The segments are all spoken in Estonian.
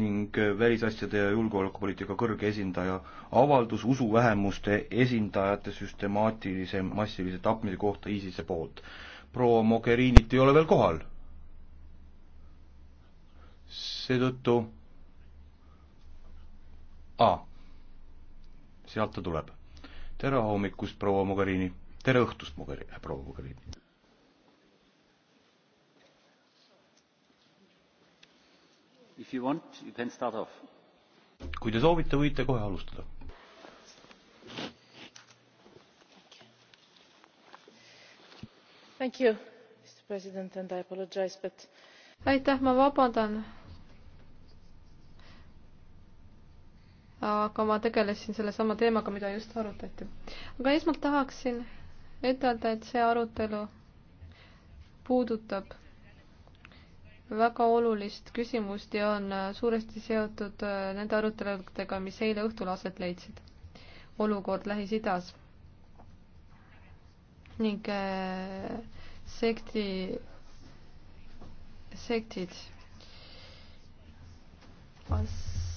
ning välisasjade ja julgeolekupoliitika kõrge esindaja avaldus usuvähemuste esindajate süstemaatilise massilise tapmise kohta ISISe poolt. proua Mogherinit ei ole veel kohal. seetõttu ah,. sealt ta tuleb. tere hommikust, proua Mogherini. tere õhtust, Mogherini, proua Mogherini. kui te soovite, võite kohe alustada. But... aitäh, ma vabandan. aga ma tegelesin sellesama teemaga, mida just arutati. aga esmalt tahaksin ütelda, et see arutelu puudutab väga olulist küsimust ja on äh, suuresti seotud äh, nende aruteludega, mis eile õhtul aset leidsid. olukord Lähis-Idas ning äh, sekti, sektid.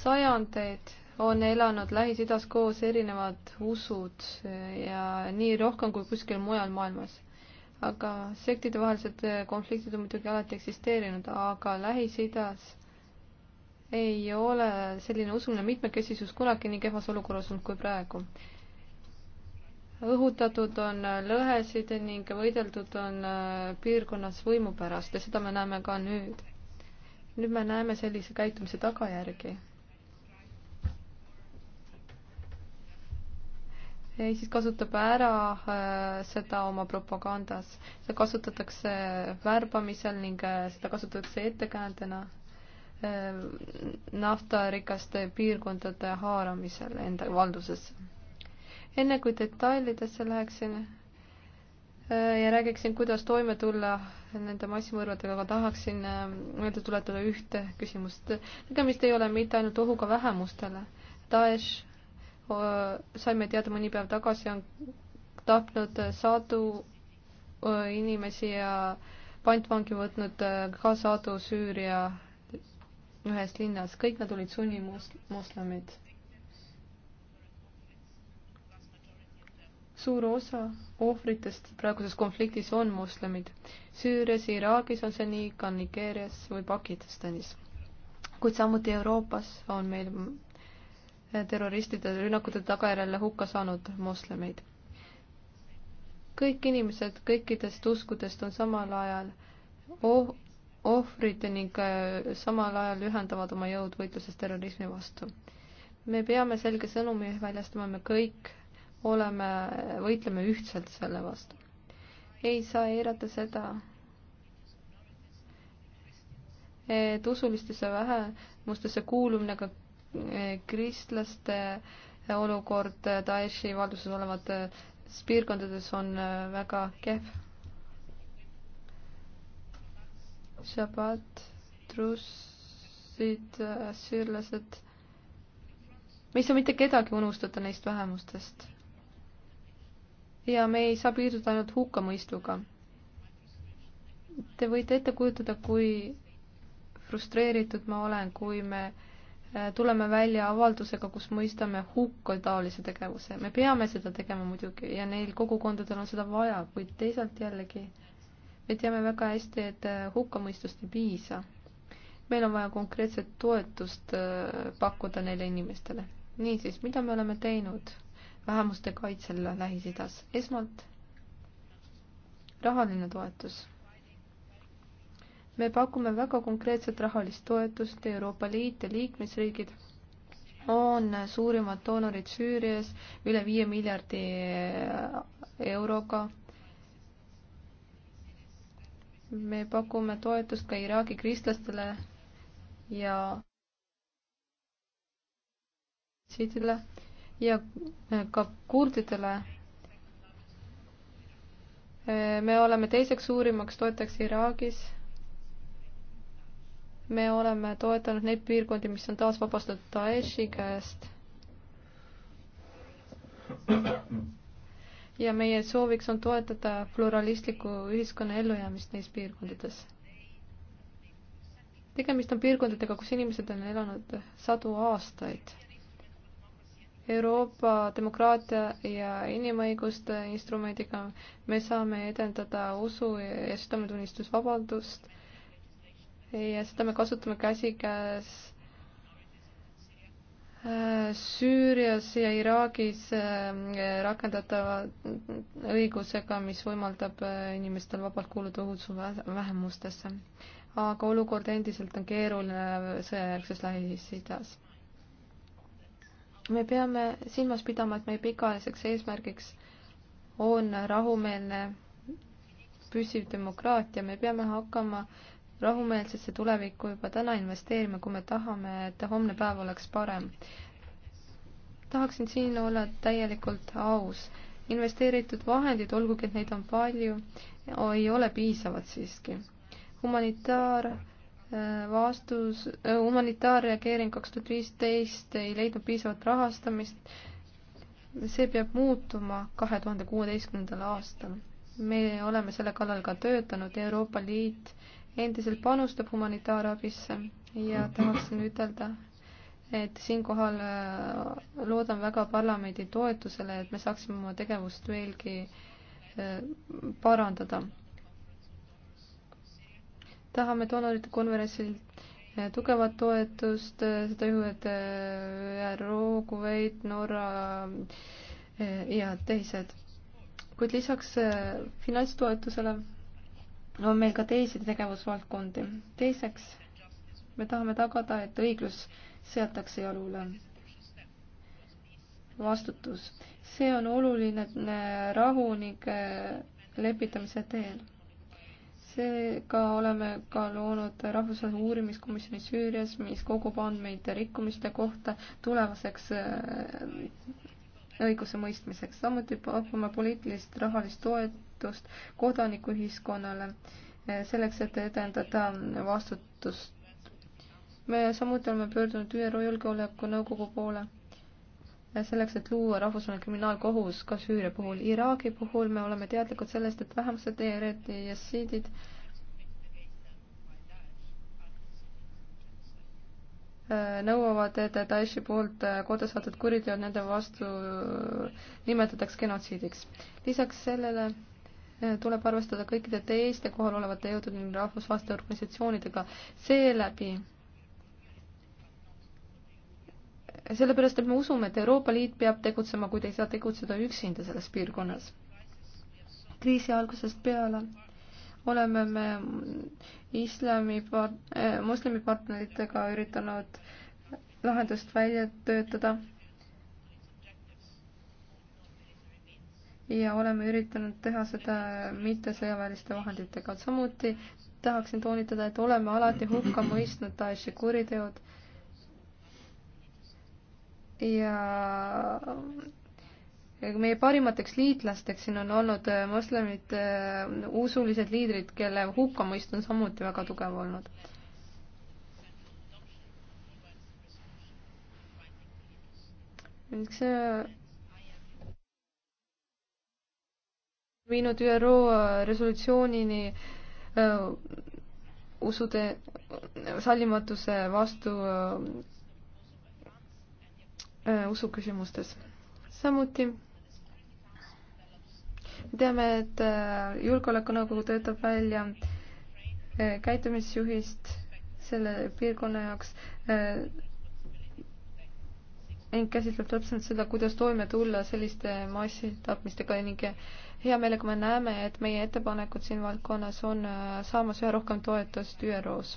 sajandeid on elanud Lähis-Idas koos erinevad usud ja nii rohkem kui kuskil mujal maailmas aga sektidevahelised äh, konfliktid on muidugi alati eksisteerinud, aga Lähis-Idas ei ole selline usuline mitmekesisus kunagi nii kehvas olukorras olnud kui praegu. õhutatud on äh, lõhesid ning võideldud on äh, piirkonnas võimu pärast ja seda me näeme ka nüüd. nüüd me näeme sellise käitumise tagajärgi ei, siis kasutab ära äh, seda oma propagandas. seda kasutatakse värbamisel ning äh, seda kasutatakse ettekäändena äh, naftarikaste piirkondade haaramisel enda valdusesse. enne kui detailidesse läheksin äh, ja räägiksin, kuidas toime tulla nende massimõrvadega, aga tahaksin äh, meelde tuletada ühte küsimust. tegemist ei ole mitte ainult ohuga vähemustele. Daesh saime teada mõni päev tagasi, on tapnud sadu inimesi ja pantvangi võtnud ka sadu Süüria ühes linnas, kõik nad olid sunnimuslemid. suur osa ohvritest praeguses konfliktis on moslemid. Süürias, Iraagis on see nii, ka Nigeerias või Pakistanis. kuid samuti Euroopas on meil terroristide rünnakute tagajärjel hukka saanud moslemeid. kõik inimesed kõikidest uskudest on samal ajal oh ohvrid ning äh, samal ajal ühendavad oma jõud võitluses terrorismi vastu. me peame selge sõnumi väljastama, me kõik oleme, võitleme ühtselt selle vastu. ei saa eirata seda, et usulistesse vähemustesse kuulumine ka kristlaste olukord Daeshi valduses olevates piirkondades on äh, väga kehv. Shabbat, trussid, asüürlased. Äh, me ei saa mitte kedagi unustada neist vähemustest. ja me ei saa piirduda ainult hukkamõistuga. Te võite ette kujutada, kui frustreeritud ma olen, kui me äh, Äh, tuleme välja avaldusega, kus mõistame hukka taolise tegevuse. me peame seda tegema muidugi ja neil kogukondadel on seda vaja, kuid teisalt jällegi me teame väga hästi, et äh, hukkamõistust ei piisa. meil on vaja konkreetset toetust äh, pakkuda neile inimestele. niisiis, mida me oleme teinud vähemuste kaitsel Lähis-Idas? esmalt rahaline toetus me pakume väga konkreetset rahalist toetust, Euroopa Liit ja liikmesriigid on suurimad doonorid Süürias üle viie miljardi euroga. me pakume toetust ka Iraagi kristlastele ja siidile ja ka kurdidele me oleme teiseks suurimaks toetajaks Iraagis me oleme toetanud neid piirkondi, mis on taas vabastatud Daeshi käest. ja meie sooviks on toetada pluralistliku ühiskonna ellujäämist neis piirkondades. tegemist on piirkondadega, kus inimesed on elanud sadu aastaid. Euroopa demokraatia ja inimõiguste instrumendiga me saame edendada usu ja südametunnistusvabadust ja seda me kasutame käsikäes äh, Süürias ja Iraagis äh, rakendatava õigusega, mis võimaldab äh, inimestel vabalt kuuluda usu vähemustesse. aga olukord endiselt on keeruline sõjajärgses Lähis-Idas. me peame silmas pidama, et meie pikaajaliseks eesmärgiks on rahumeelne püsiv demokraatia, me peame hakkama äh, rahumeelsesse tulevikku juba täna investeerima, kui me tahame, et homne päev oleks parem. tahaksin siin olla täielikult aus. investeeritud vahendid, olgugi et neid on palju, ei ole piisavad siiski. humanitaar äh, vastus, äh, humanitaarreageering kaks tuhat viisteist ei leidnud piisavat rahastamist. see peab muutuma kahe tuhande kuueteistkümnendal aastal. me oleme selle kallal ka töötanud, Euroopa Liit äh, endiselt panustab humanitaarabisse ja tahaksin ütelda, et siinkohal äh, loodan väga parlamendi toetusele, et me saaksime oma tegevust veelgi äh, parandada. tahame doonorite konverentsil äh, tugevat toetust, seda juhul, et ÜRO, Kuveit, Norra ja teised. kuid lisaks finantstoetusele on meil ka teisi tegevusvaldkondi. teiseks, me tahame tagada, et õiglus seatakse jalule. vastutus, see on oluline äh, rahunike äh, lepitamise teel. seega oleme ka loonud rahvusvahelise uurimiskomisjoni Süürias, mis kogub andmeid rikkumiste kohta tulevaseks äh, õigusemõistmiseks. samuti pakume poliitilist rahalist toetust kodanikuühiskonnale eh, selleks, et edendada vastutust. me samuti oleme pöördunud ÜRO Julgeolekunõukogu poole eh, selleks, et luua rahvusvaheline kriminaalkohus ka Süüria puhul. Iraagi puhul me oleme teadlikud sellest, et vähemused, ja e siidid Äh, nõuavad, et Daeshi poolt äh, korda saadud kuriteod nende vastu äh, nimetatakse genotsiidiks. lisaks sellele tuleb arvestada kõikide teiste kohal olevate jõudude ning rahvusvaheliste organisatsioonidega seeläbi, sellepärast, et me usume, et Euroopa Liit peab tegutsema, kuid ei saa tegutseda üksinda selles piirkonnas. kriisi algusest peale oleme me islami part-, eh, moslemi partneritega üritanud lahendust välja töötada ja oleme üritanud teha seda mittesõjaväeliste vahenditega. samuti tahaksin toonitada, et oleme alati hukka mõistnud Daeshi kuriteod ja meie parimateks liitlasteks siin on olnud äh, moslemid, äh, usulised liidrid, kelle hukkamõist on samuti väga tugev olnud. see viinud ÜRO äh, resolutsioonini usude sallimatuse vastu usuküsimustes. samuti teame, et äh, Julgeolekunõukogu töötab välja äh, käitumisjuhist selle piirkonna jaoks äh, ning käsitleb täpselt seda, kuidas toime tulla selliste massitapmistega ning hea meelega me näeme, et meie ettepanekud siin valdkonnas on saamas üha rohkem toetust ÜRO-s.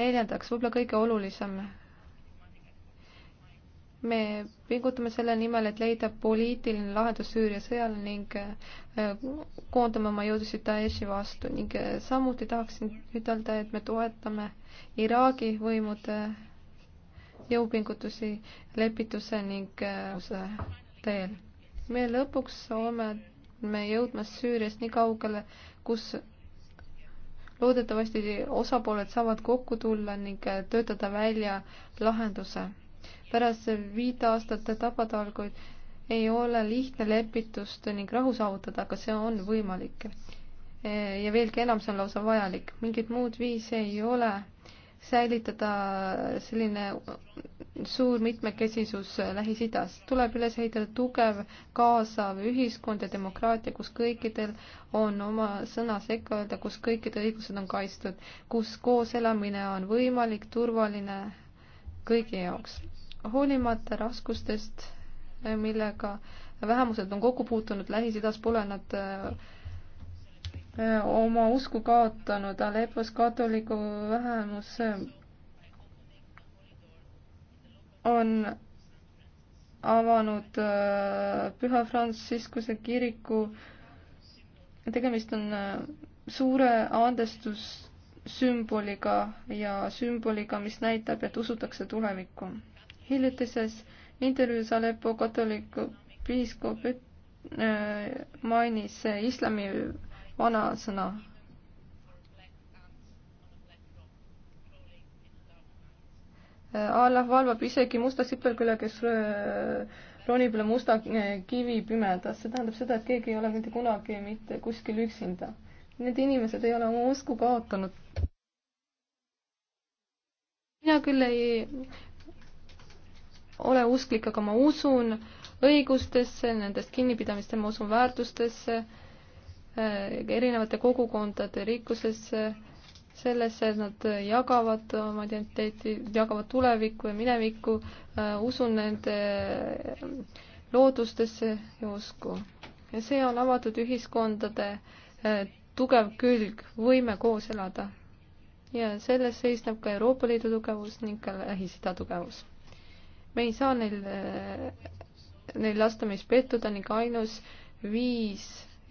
neljandaks, võib-olla kõige olulisem me pingutame selle nimel, et leida poliitiline lahendus Süüria sõjale ning äh, koondame oma jõudusid Daeshi vastu ning äh, samuti tahaksin ütelda, et me toetame Iraagi võimude äh, jõupingutusi lepituse ning teel. me lõpuks oleme me jõudmas Süüriast nii kaugele, kus loodetavasti osapooled saavad kokku tulla ning töötada välja lahenduse pärast viit aastat tapatalguid ei ole lihtne lepitust ning rahu saavutada, aga see on võimalik. ja veelgi enam, see on lausa vajalik, mingit muud viisi ei ole säilitada selline suur mitmekesisus Lähis-Idas. tuleb üles ehitada tugev, kaasav ühiskond ja demokraatia, kus kõikidel on oma sõna sekka öelda, kus kõikide õigused on kaitstud, kus koos elamine on võimalik, turvaline kõigi jaoks hoolimata raskustest, millega vähemused on kokku puutunud Lähis-Idas, pole nad äh, oma usku kaotanud, Alepos katoliku vähemus äh, on avanud äh, Püha Franciscuse kiriku. tegemist on suure andestussümboliga ja sümboliga, mis näitab, et usutakse tulevikku hiljutises intervjuus Aleppo katoliku piiskop äh, mainis islami vanasõna Allah valvab isegi musta sipelküla, kes äh, ronib üle musta äh, kivi pimedas, see tähendab seda, et keegi ei ole mitte kunagi mitte kuskil üksinda. Need inimesed ei ole oma usku kaotanud. mina küll ei ole usklik, aga ma usun õigustesse, nendest kinnipidamistesse, ma usun väärtustesse, äh, erinevate kogukondade rikkusesse, sellesse, et nad jagavad oma identiteeti, jagavad tulevikku ja minevikku, äh, usun nende äh, loodustesse ja usku. ja see on avatud ühiskondade tugev külg, võime koos elada. ja selles seisneb ka Euroopa Liidu tugevus ning ka Lähis-Ida tugevus me ei saa neil, eh, neil lasta meis pettuda ning ainus viis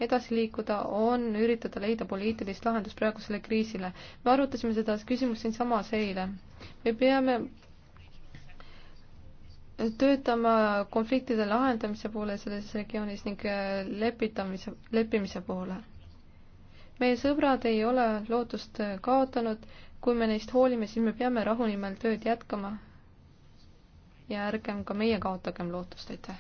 edasi liikuda on üritada leida poliitilist lahendust praegusele kriisile. me arutasime seda küsimust siinsamas eile. me peame töötama konfliktide lahendamise poole selles regioonis ning eh, lepitamise, leppimise poole. meie sõbrad ei ole lootust eh, kaotanud, kui me neist hoolime, siis me peame rahu nimel tööd jätkama ja ärgem ka meie kaotagem lootust, aitäh.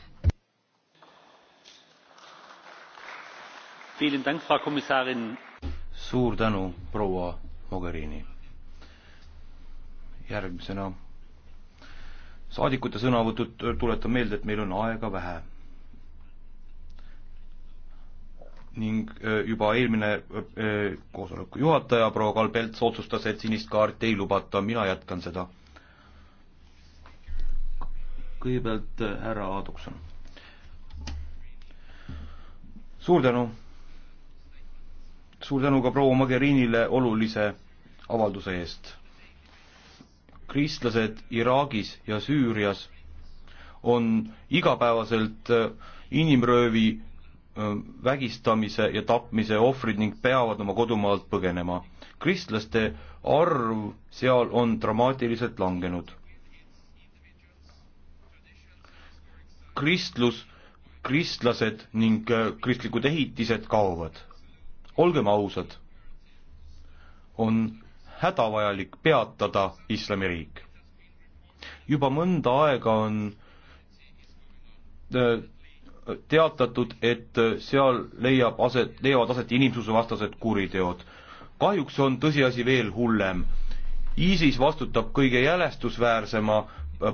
suur tänu, proua Mogherini. järgmisena saadikute sõnavõtud, tuletan meelde, et meil on aega vähe. ning äh, juba eelmine äh, koosoleku juhataja proua Kalbelts otsustas, et sinist kaarti ei lubata, mina jätkan seda kõigepealt äh, härra Aadukson. suur tänu. suur tänu ka proua Mogherinile olulise avalduse eest. kristlased Iraagis ja Süürias on igapäevaselt äh, inimröövi, äh, vägistamise ja tapmise ohvrid ning peavad oma kodumaalt põgenema. kristlaste arv seal on dramaatiliselt langenud kristlus, kristlased ning äh, kristlikud ehitised kaovad. olgem ausad, on hädavajalik peatada islamiriik. juba mõnda aega on äh, teatatud, et äh, seal leiab aset, leiavad aset inimsusevastased kuriteod. kahjuks on tõsiasi veel hullem. ISIS vastutab kõige jälestusväärsema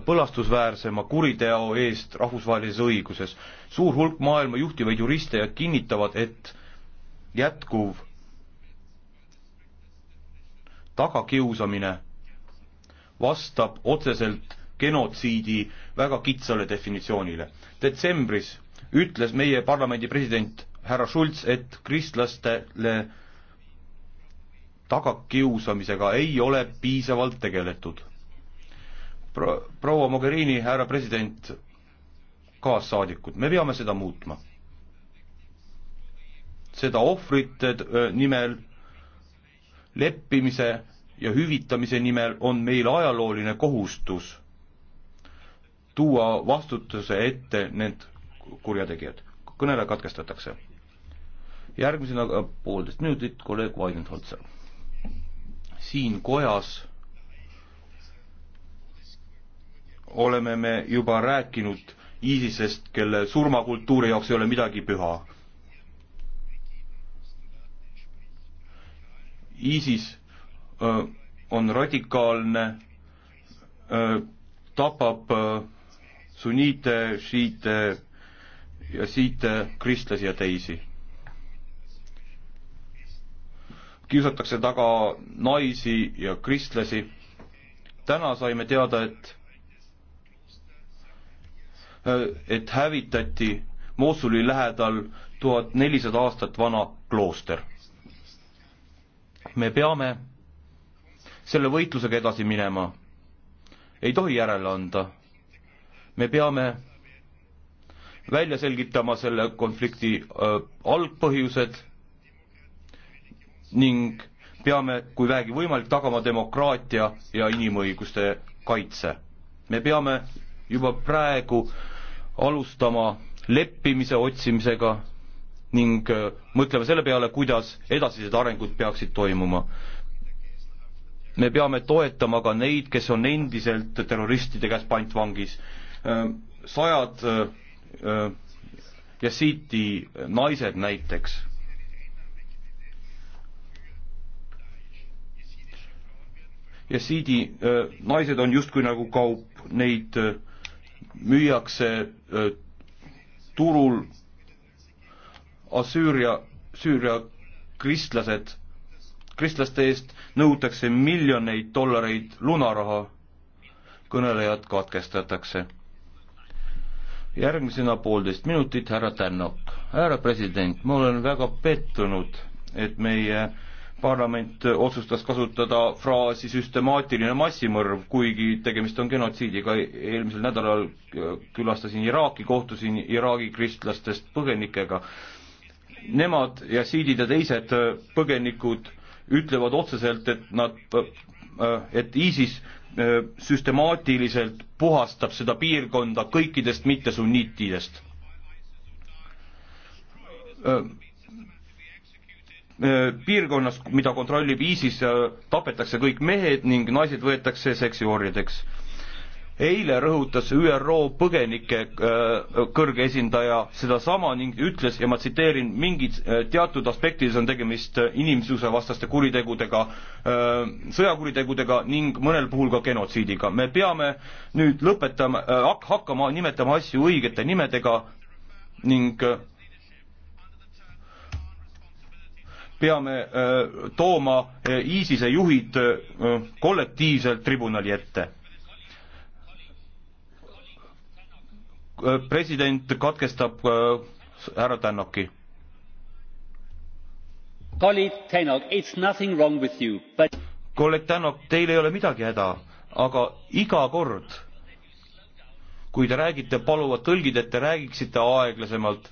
põlastusväärsema kuriteo eest rahvusvahelises õiguses. suur hulk maailma juhtivaid juriste kinnitavad, et jätkuv tagakiusamine vastab otseselt genotsiidi väga kitsale definitsioonile. detsembris ütles meie parlamendi president härra Schulz, et kristlastele tagakiusamisega ei ole piisavalt tegeletud pro-, proua Mogherini, härra president, kaassaadikud, me peame seda muutma. seda ohvrite nimel, leppimise ja hüvitamise nimel on meil ajalooline kohustus tuua vastutuse ette need kurjategijad. kõnele katkestatakse. järgmisena poolteist minutit kolleeg Weidenholzer. siin kojas oleme me juba rääkinud ISISest, kelle surmakultuuri jaoks ei ole midagi püha. ISIS öö, on radikaalne, tapab öö, sunniite, šiite ja siite, kristlasi ja teisi. kiusatakse taga naisi ja kristlasi. täna saime teada, et Äh, et hävitati Mosuli lähedal tuhat nelisada aastat vana klooster. me peame selle võitlusega edasi minema. ei tohi järele anda. me peame välja selgitama selle konflikti äh, algpõhjused ning peame, kui vähegi võimalik, tagama demokraatia ja inimõiguste kaitse. me peame juba praegu äh, alustama leppimise otsimisega ning äh, mõtlema selle peale, kuidas edasised arengud peaksid toimuma. me peame toetama ka neid, kes on endiselt terroristide käes pantvangis. Äh, sajad äh, jesiiti naised näiteks. jesiidi naised on justkui nagu kaup, neid müüakse turul Assüüria, Süüria kristlased, kristlaste eest nõutakse miljoneid dollareid lunaraha, kõnelejad katkestatakse. järgmisena poolteist minutit, härra Tännok. härra president, ma olen väga pettunud, et meie parlament otsustas kasutada fraasi süstemaatiline massimõrv, kuigi tegemist on genotsiidiga. eelmisel nädalal äh, külastasin Iraaki, kohtusin Iraagi kristlastest põgenikega. Nemad, jasiidid ja teised äh, põgenikud ütlevad otseselt, et nad, äh, et ISIS süstemaatiliselt puhastab seda piirkonda kõikidest mittesunniitidest Äh, piirkonnas, mida kontrollib ISIS, äh, tapetakse kõik mehed ning naised võetakse seksiorjadeks. eile rõhutas ÜRO põgenike äh, kõrge esindaja sedasama ning ütles ja ma tsiteerin, mingid teatud aspektides on tegemist inimsusevastaste kuritegudega, sõjakuritegudega ning mõnel puhul ka genotsiidiga. me peame nüüd lõpetama, hakkama nimetama asju õigete nimedega ning peame äh, tooma äh, ISISe juhid äh, kollektiivselt tribunali ette. president katkestab härra Tännoki. kolleeg Tännok, teil ei ole midagi häda, aga iga kord, kui te räägite, paluvad tõlgid, et te räägiksite aeglasemalt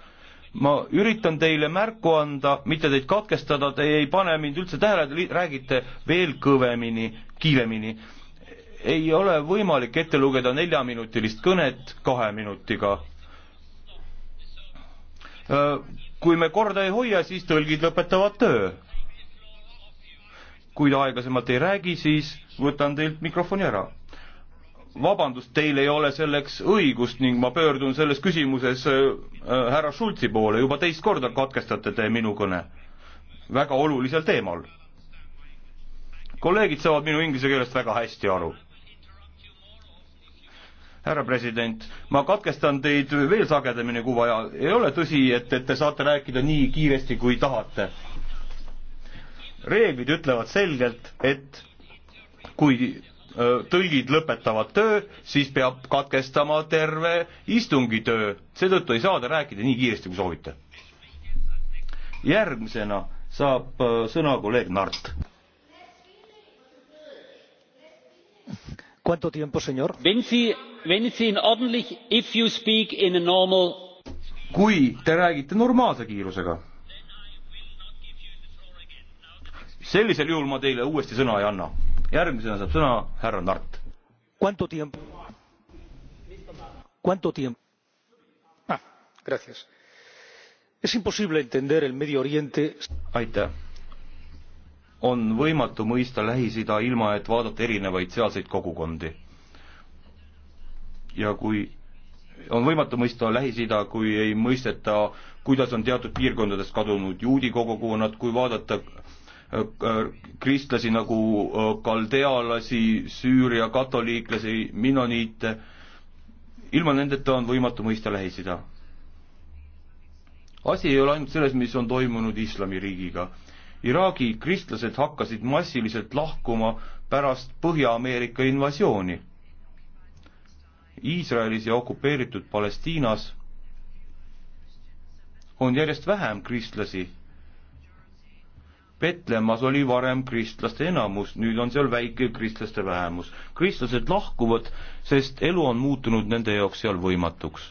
ma üritan teile märku anda, mitte teid katkestada, te ei pane mind üldse tähele, te räägite veel kõvemini, kiiremini. ei ole võimalik ette lugeda neljaminutilist kõnet kahe minutiga. kui me korda ei hoia, siis tõlgid lõpetavad töö. kui te aeglasemalt ei räägi, siis võtan teilt mikrofoni ära vabandust, teil ei ole selleks õigust ning ma pöördun selles küsimuses äh, äh, härra Schultzi poole, juba teist korda katkestate te minu kõne väga olulisel teemal. kolleegid saavad minu inglise keelest väga hästi aru. härra president, ma katkestan teid veel sagedamini kui vaja, ei ole tõsi, et, et te saate rääkida nii kiiresti, kui tahate. reeglid ütlevad selgelt, et kui tõlgid lõpetavad töö, siis peab katkestama terve istungitöö, seetõttu ei saa te rääkida nii kiiresti, kui soovite. järgmisena saab sõna kolleeg Nart. Cuánto tiempo, señor? Wenn Sie, wenn Sie in ordentlich, if you speak in a normal kui te räägite normaalse kiirusega, sellisel juhul ma teile uuesti sõna ei anna järgmisena saab sõna härra Nart. Cuánto tiempo? Cuánto tiempo? Ah, gracias. Es imposible entender el Medio Oriente. aitäh. on võimatu mõista Lähis-Ida ilma, et vaadata erinevaid sealseid kogukondi. ja kui on võimatu mõista Lähis-Ida, kui ei mõisteta, kuidas on teatud piirkondades kadunud juudi kogukonnad, kui vaadata Äh, äh, kristlasi nagu äh, kaldealasi, Süüria katoliiklasi, minoniite. ilma nendeta on võimatu mõista Lähis-Ida. asi ei ole ainult selles, mis on toimunud islamiriigiga. Iraagi kristlased hakkasid massiliselt lahkuma pärast Põhja-Ameerika invasiooni. Iisraelis ja okupeeritud Palestiinas on järjest vähem kristlasi Petlemmas oli varem kristlaste enamus, nüüd on seal väike kristlaste vähemus. kristlased lahkuvad, sest elu on muutunud nende jaoks seal võimatuks.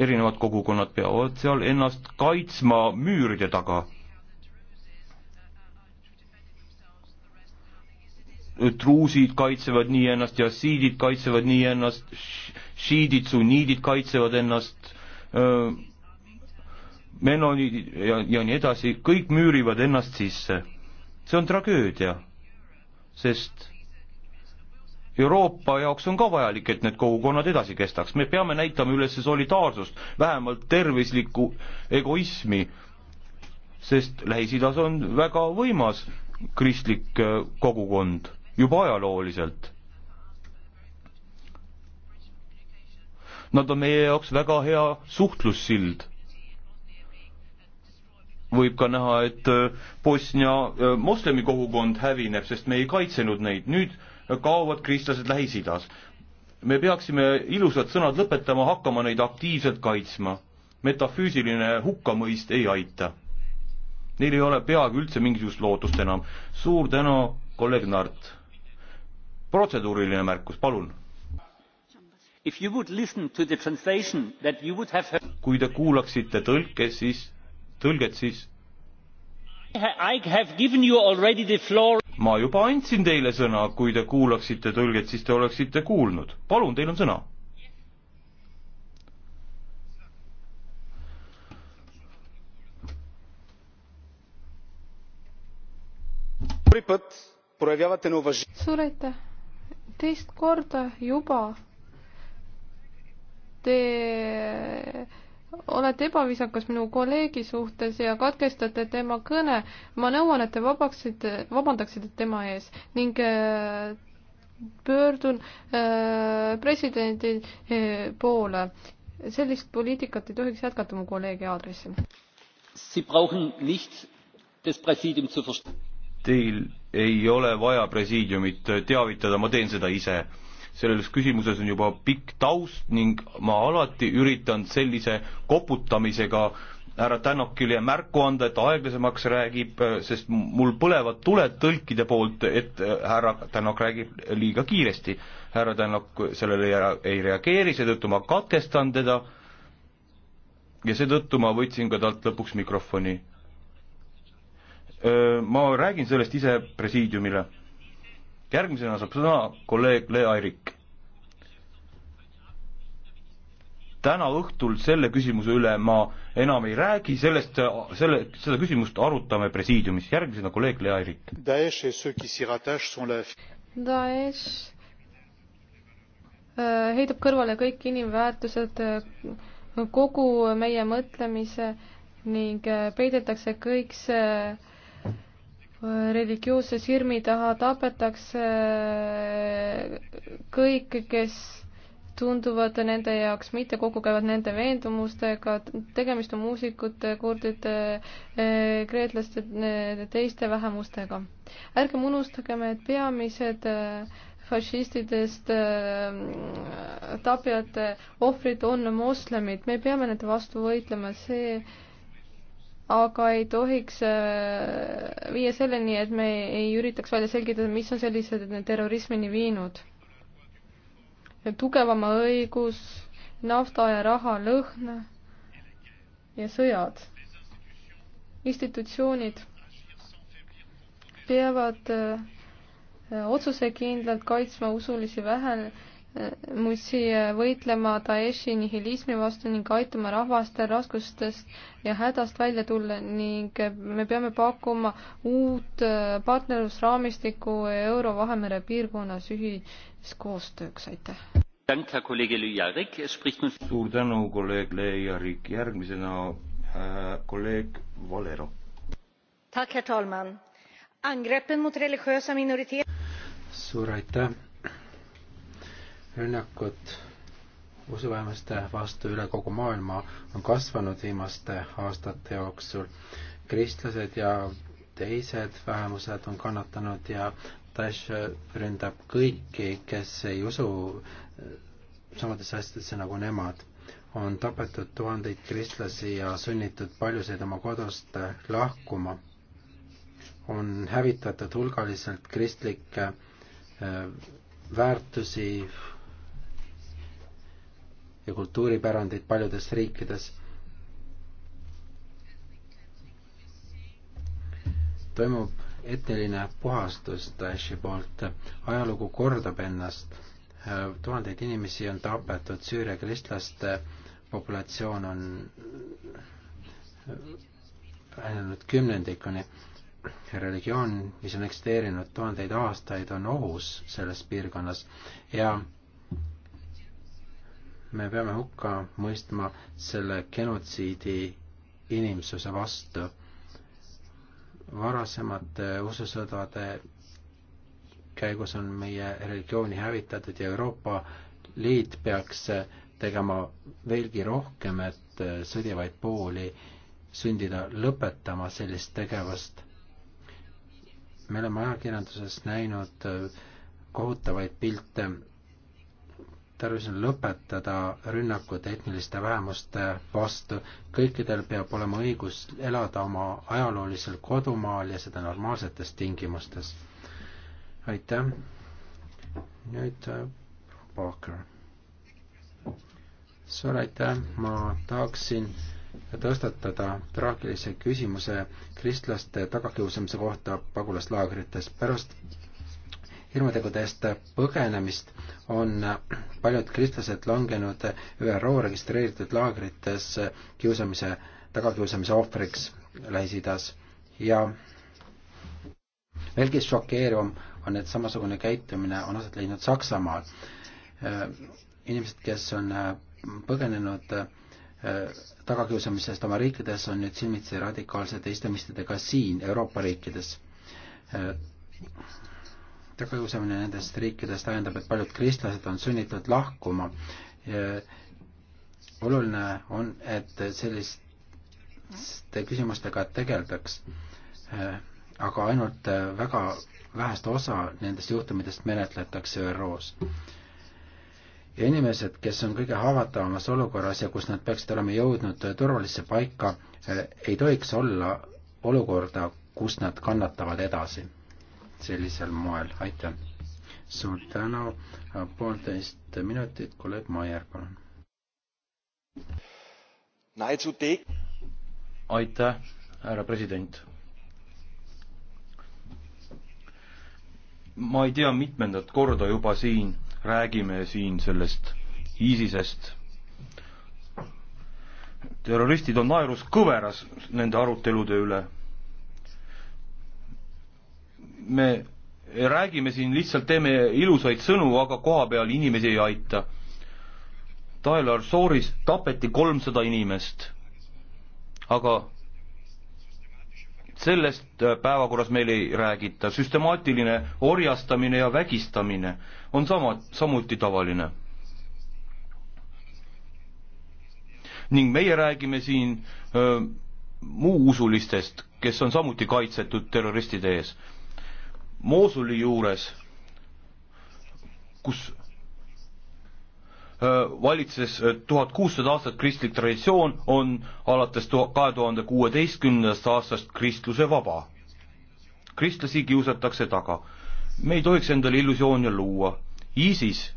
erinevad kogukonnad peavad seal ennast kaitsma müüride taga. truusid kaitsevad nii ennast, jasiidid kaitsevad nii ennast, šiidid, sunniidid kaitsevad ennast öö, menonid ja, ja nii edasi, kõik müürivad ennast sisse. see on tragöödia, sest Euroopa jaoks on ka vajalik, et need kogukonnad edasi kestaks, me peame näitama üles solidaarsust, vähemalt tervislikku egoismi, sest Lähis-Idas on väga võimas kristlik äh, kogukond juba ajalooliselt. Nad on meie jaoks väga hea suhtlussild võib ka näha, et äh, Bosnia äh, moslemi kogukond hävineb, sest me ei kaitsenud neid, nüüd kaovad kristlased Lähis-Idas. me peaksime ilusad sõnad lõpetama, hakkama neid aktiivselt kaitsma. metafüüsiline hukkamõist ei aita. Neil ei ole peaaegu üldse mingisugust lootust enam. suur tänu, kolleeg Nart. protseduuriline märkus, palun kui te kuulaksite tõlke siis tõlget siis. ma juba andsin teile sõna, kui te kuulaksite tõlget, siis te oleksite kuulnud. palun, teil on sõna. suur aitäh, teist korda juba te olete ebaviisakas minu kolleegi suhtes ja katkestate tema kõne. ma nõuan, et te vabaksite, vabandaksite tema ees ning äh, pöördun äh, presidendi äh, poole. sellist poliitikat ei tohiks jätkata mu kolleegi aadressil. Teil ei ole vaja presiidiumit teavitada, ma teen seda ise selles küsimuses on juba pikk taust ning ma alati üritan sellise koputamisega härra Tänokile märku anda, et aeglasemaks räägib, sest mul põlevad tuled tõlkide poolt, et härra Tänok räägib liiga kiiresti. härra Tänok sellele ei reageeri, seetõttu ma katkestan teda ja seetõttu ma võtsin ka talt lõpuks mikrofoni. Ma räägin sellest ise presiidiumile järgmisena saab sõna kolleeg Lea Erik. täna õhtul selle küsimuse üle ma enam ei räägi, sellest, selle, seda küsimust arutame presiidiumis, järgmisena kolleeg Lea Erik. Daesh äh, heidab kõrvale kõik inimväärtused, äh, kogu meie mõtlemise ning äh, peidetakse kõik see religioosse sirmi taha tapetakse kõik, kes tunduvad nende jaoks mitte kokku käivad nende veendumustega, tegemist on muusikute, kurdide, kreeklaste, teiste vähemustega. ärgem unustagem, et peamised äh, fašistidest äh, tapjate ohvrid on moslemid, me peame nende vastu võitlema, see aga ei tohiks äh, viia selleni, et me ei üritaks välja selgitada, mis on sellised terrorismini viinud. tugevama õigus, nafta ja raha lõhn ja sõjad. institutsioonid peavad äh, otsusekindlalt kaitsma usulisi vähe-, muudsi võitlema Daeshi nihilismi vastu ning aitama rahvastel raskustest ja hädast välja tulla ning me peame pakkuma uut äh, partnerlusraamistikku Euro-Vahemere piirkonnas ühiskoostööks, aitäh! suur tänu, kolleeg Le Jarik, järgmisena äh, kolleeg Valero. suur aitäh! rünnakud usuvähemuste vastu üle kogu maailma on kasvanud viimaste aastate jooksul. kristlased ja teised vähemused on kannatanud ja Daesh ründab kõiki, kes ei usu eh, samadesse asjadesse nagu nemad. on tapetud tuhandeid kristlasi ja sunnitud paljusid oma kodust eh, lahkuma. on hävitatud hulgaliselt kristlikke eh, väärtusi, ja kultuuripärandit paljudes riikides. toimub etniline puhastus Daeshi poolt, ajalugu kordab ennast. tuhandeid inimesi on tapetud, Süüria kristlaste populatsioon on vähenenud kümnendikuni. religioon, mis on eksisteerinud tuhandeid aastaid, on ohus selles piirkonnas ja me peame hukka mõistma selle genotsiidi inimsuse vastu. varasemate ususõdade käigus on meie religiooni hävitatud ja Euroopa Liit peaks tegema veelgi rohkem, et sõdivaid pooli sündida lõpetama sellist tegevust. me oleme ajakirjanduses näinud kohutavaid pilte tervis on lõpetada rünnakud etniliste vähemuste vastu. kõikidel peab olema õigus elada oma ajaloolisel kodumaal ja seda normaalsetes tingimustes. aitäh. nüüd äh, Parker. suur aitäh, ma tahaksin tõstatada traagilise küsimuse kristlaste tagakiusamise kohta pagulaslaagrites. pärast hirmutegude eest põgenemist on paljud kristlased langenud ÜRO registreeritud laagrites kiusamise, tagakiusamise ohvriks Lähis-Idas ja veelgi šokeerivam on, et samasugune käitumine on aset leidnud Saksamaal. inimesed, kes on põgenenud äh, tagakiusamisest oma riikides, on nüüd silmitsi radikaalsete islamistidega siin Euroopa riikides äh, tagajõusamine nendest riikidest tähendab, et paljud kristlased on sunnitud lahkuma. oluline on, et selliste küsimustega tegeldaks, äh, aga ainult äh, väga vähest osa nendest juhtumitest menetletakse ÜRO-s. ja inimesed, kes on kõige haavatavamas olukorras ja kus nad peaksid olema jõudnud äh, turvalisse paika, ei tohiks olla olukorda, kus nad kannatavad edasi sellisel moel, aitäh. suur tänu, poolteist minutit, kolleeg Maier, palun. aitäh, härra president. ma ei tea, mitmendat korda juba siin räägime siin sellest ISISest. terroristid on naerus kõveras nende arutelude üle me räägime siin, lihtsalt teeme ilusaid sõnu, aga koha peal inimesi ei aita. Taelar Sooris tapeti kolmsada inimest. aga sellest äh, päevakorras meil ei räägita, süstemaatiline orjastamine ja vägistamine on sama, samuti tavaline. ning meie räägime siin öö, äh, muuusulistest, kes on samuti kaitsetud terroristide ees Moosuli juures, kus äh, valitses äh, tuhat kuussada aastat kristlik traditsioon, on alates kahe tuhande kuueteistkümnendast aastast kristluse vaba. kristlasi kiusatakse taga. me ei tohiks endale illusioone luua. ISIS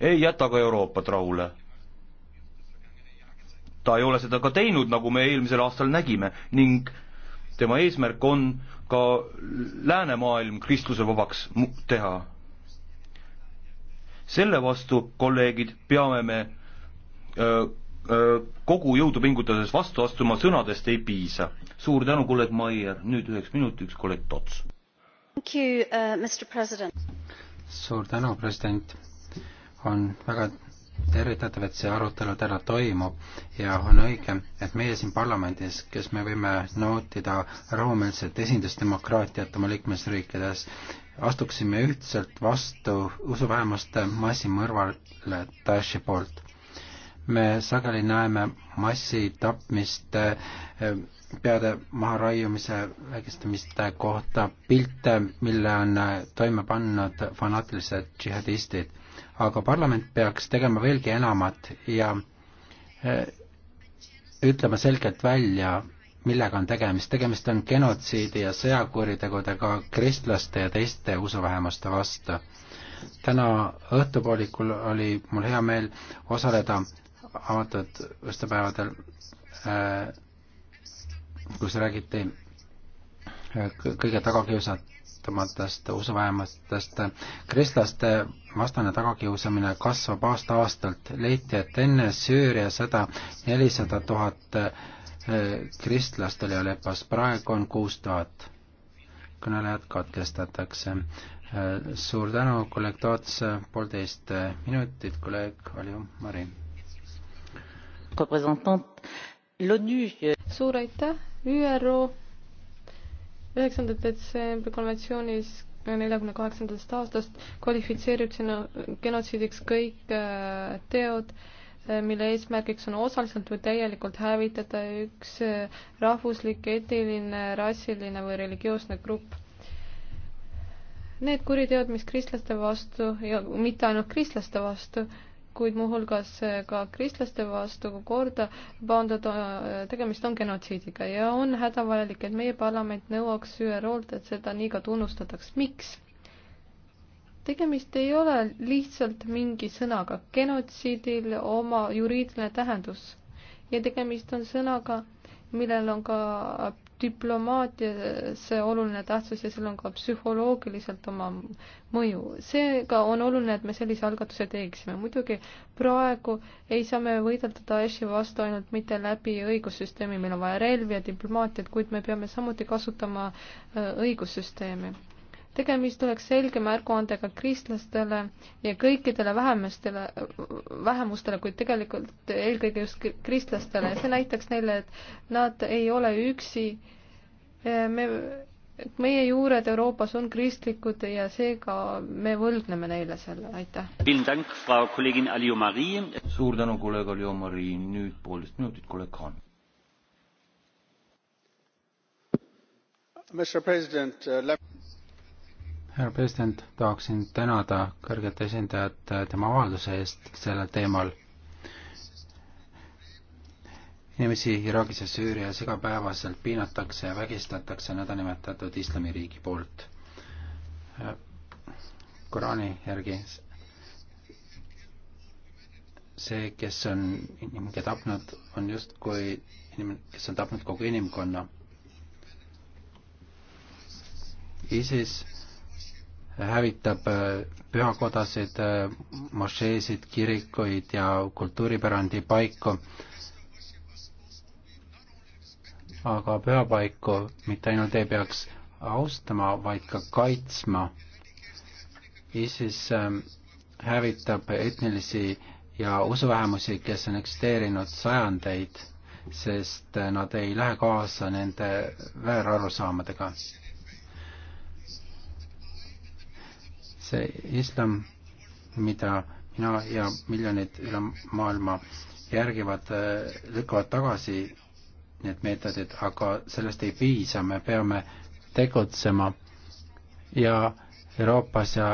ei jäta ka Euroopat rahule. ta ei ole seda ka teinud, nagu me eelmisel aastal nägime ning tema eesmärk on ka läänemaailm kristluse vabaks teha. selle vastu, kolleegid, peame me öö, öö, kogu jõudu pingutades vastu astuma, sõnadest ei piisa. suur tänu, kolleeg Maier, nüüd üheks minutiks kolleeg Tots. Uh, suur tänu, president. on väga tervitatav, et see arutelu täna toimub ja on õige, et meie siin parlamendis, kes me võime nautida rahumeelset esindusdemokraatiat oma liikmesriikides, astuksime ühtselt vastu usuvähemuste massimõrvale Daeshi poolt. me sageli näeme massitapmist, eh, peade maharaiumise, vägistamiste kohta pilte, mille on eh, toime pannud fanaatilised džihadistid aga parlament peaks tegema veelgi enamat ja eh, ütlema selgelt välja, millega on tegemist. tegemist on genotsiidi ja sõjakuritegudega kristlaste ja teiste usuvähemuste vastu. täna õhtupoolikul oli mul hea meel osaleda avatud õhtupäevadel, eh, kus räägiti eh, kõige tagakiusatumatest usuvähemustest. kristlaste vastane tagakiusamine kasvab aasta-aastalt. leiti, et enne Süüria sõda nelisada tuhat eh, kristlast oli Alepas, praegu on kuus tuhat. kõnelejad katkestatakse. Eh, suur tänu, kolleeg Toots, poolteist eh, minutit, kolleeg Alju Mari. suur aitäh, ÜRO üheksanda detsembri konventsioonis neljakümne kaheksandast aastast kvalifitseerib sinna genotsiidiks kõik äh, teod, äh, mille eesmärgiks on osaliselt või täielikult hävitada üks äh, rahvuslik, etiline, rassiline või religioosne grupp need kuriteod, mis kristlaste vastu ja mitte ainult kristlaste vastu, rünnakuid, muuhulgas ka kristlaste vastu korda pandud, tegemist on genotsiidiga ja on hädavajalik, et meie parlament nõuaks ÜRO-lt, et seda nii ka tunnustataks. miks? tegemist ei ole lihtsalt mingi sõnaga, genotsiidil oma juriidiline tähendus ja tegemist on sõnaga, millel on ka diplomaatiasse oluline tähtsus ja seal on ka psühholoogiliselt oma mõju. seega on oluline, et me sellise algatuse teeksime. muidugi praegu ei saa me võidelda Daeshi vastu ainult mitte läbi õigussüsteemi, meil on vaja relvi ja diplomaatiat, kuid me peame samuti kasutama äh, õigussüsteemi tegemist oleks selge märguandega kristlastele ja kõikidele vähemustele, vähemustele, kuid tegelikult eelkõige just kristlastele ja see näitaks neile, et nad ei ole üksi. me, meie juured Euroopas on kristlikud ja seega me võlgneme neile selle, aitäh. suur tänu, kolleeg Aljo-Mari, nüüd poolteist minutit, kolleeg Haan. Mr President, uh, härra president, tahaksin tänada kõrget esindajat tema avalduse eest sellel teemal. inimesi Iraagis ja Süürias igapäevaselt piinatakse ja vägistatakse nõndanimetatud islamiriigi poolt. Koraani järgi see, kes on inimene tapnud, on justkui inimene, kes on tapnud kogu inimkonna. ISIS hävitab äh, pühakodasid, äh, mošeesid, kirikuid ja kultuuripärandi paiku, aga pühapaiku mitte ainult ei peaks austama, vaid ka kaitsma. ISIS ähm, hävitab etnilisi ja usuvähemusi, kes on eksisteerinud sajandeid, sest äh, nad ei lähe kaasa nende väärarusaamadega see islam, mida mina ja miljonid üle maailma järgivad, äh, lükkavad tagasi need meetodid, aga sellest ei piisa, me peame tegutsema ja Euroopas ja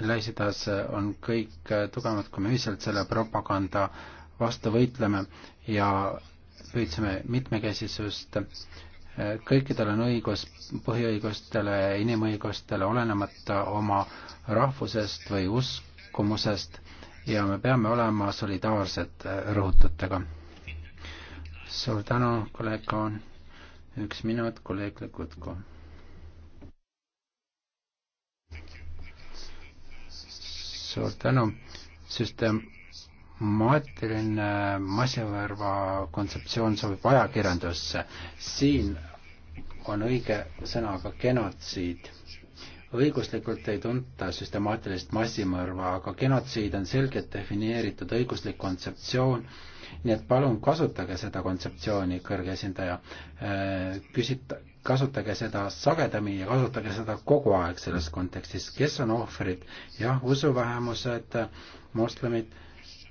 Lähis-Idas äh, on kõik äh, tugevad, kui me ühiselt selle propaganda vastu võitleme ja püüdseme mitmekesisust kõikidel on õigus põhiõigustele, inimõigustele, olenemata oma rahvusest või uskumusest ja me peame olema solidaarsed äh, rõhututega. suur tänu, kolleeg Kaan. üks minut, kolleeg Lekutko. suur tänu, süsteem maatiline äh, massivõrva kontseptsioon sobib ajakirjandusse. siin on õige sõna ka genotsiid. õiguslikult ei tunta süstemaatilist massimõrva, aga genotsiid on selgelt defineeritud õiguslik kontseptsioon, nii et palun kasutage seda kontseptsiooni, kõrge esindaja. Äh, Küsit-, kasutage seda sagedamini ja kasutage seda kogu aeg selles kontekstis, kes on ohvrid, jah, usuvähemused, moslemid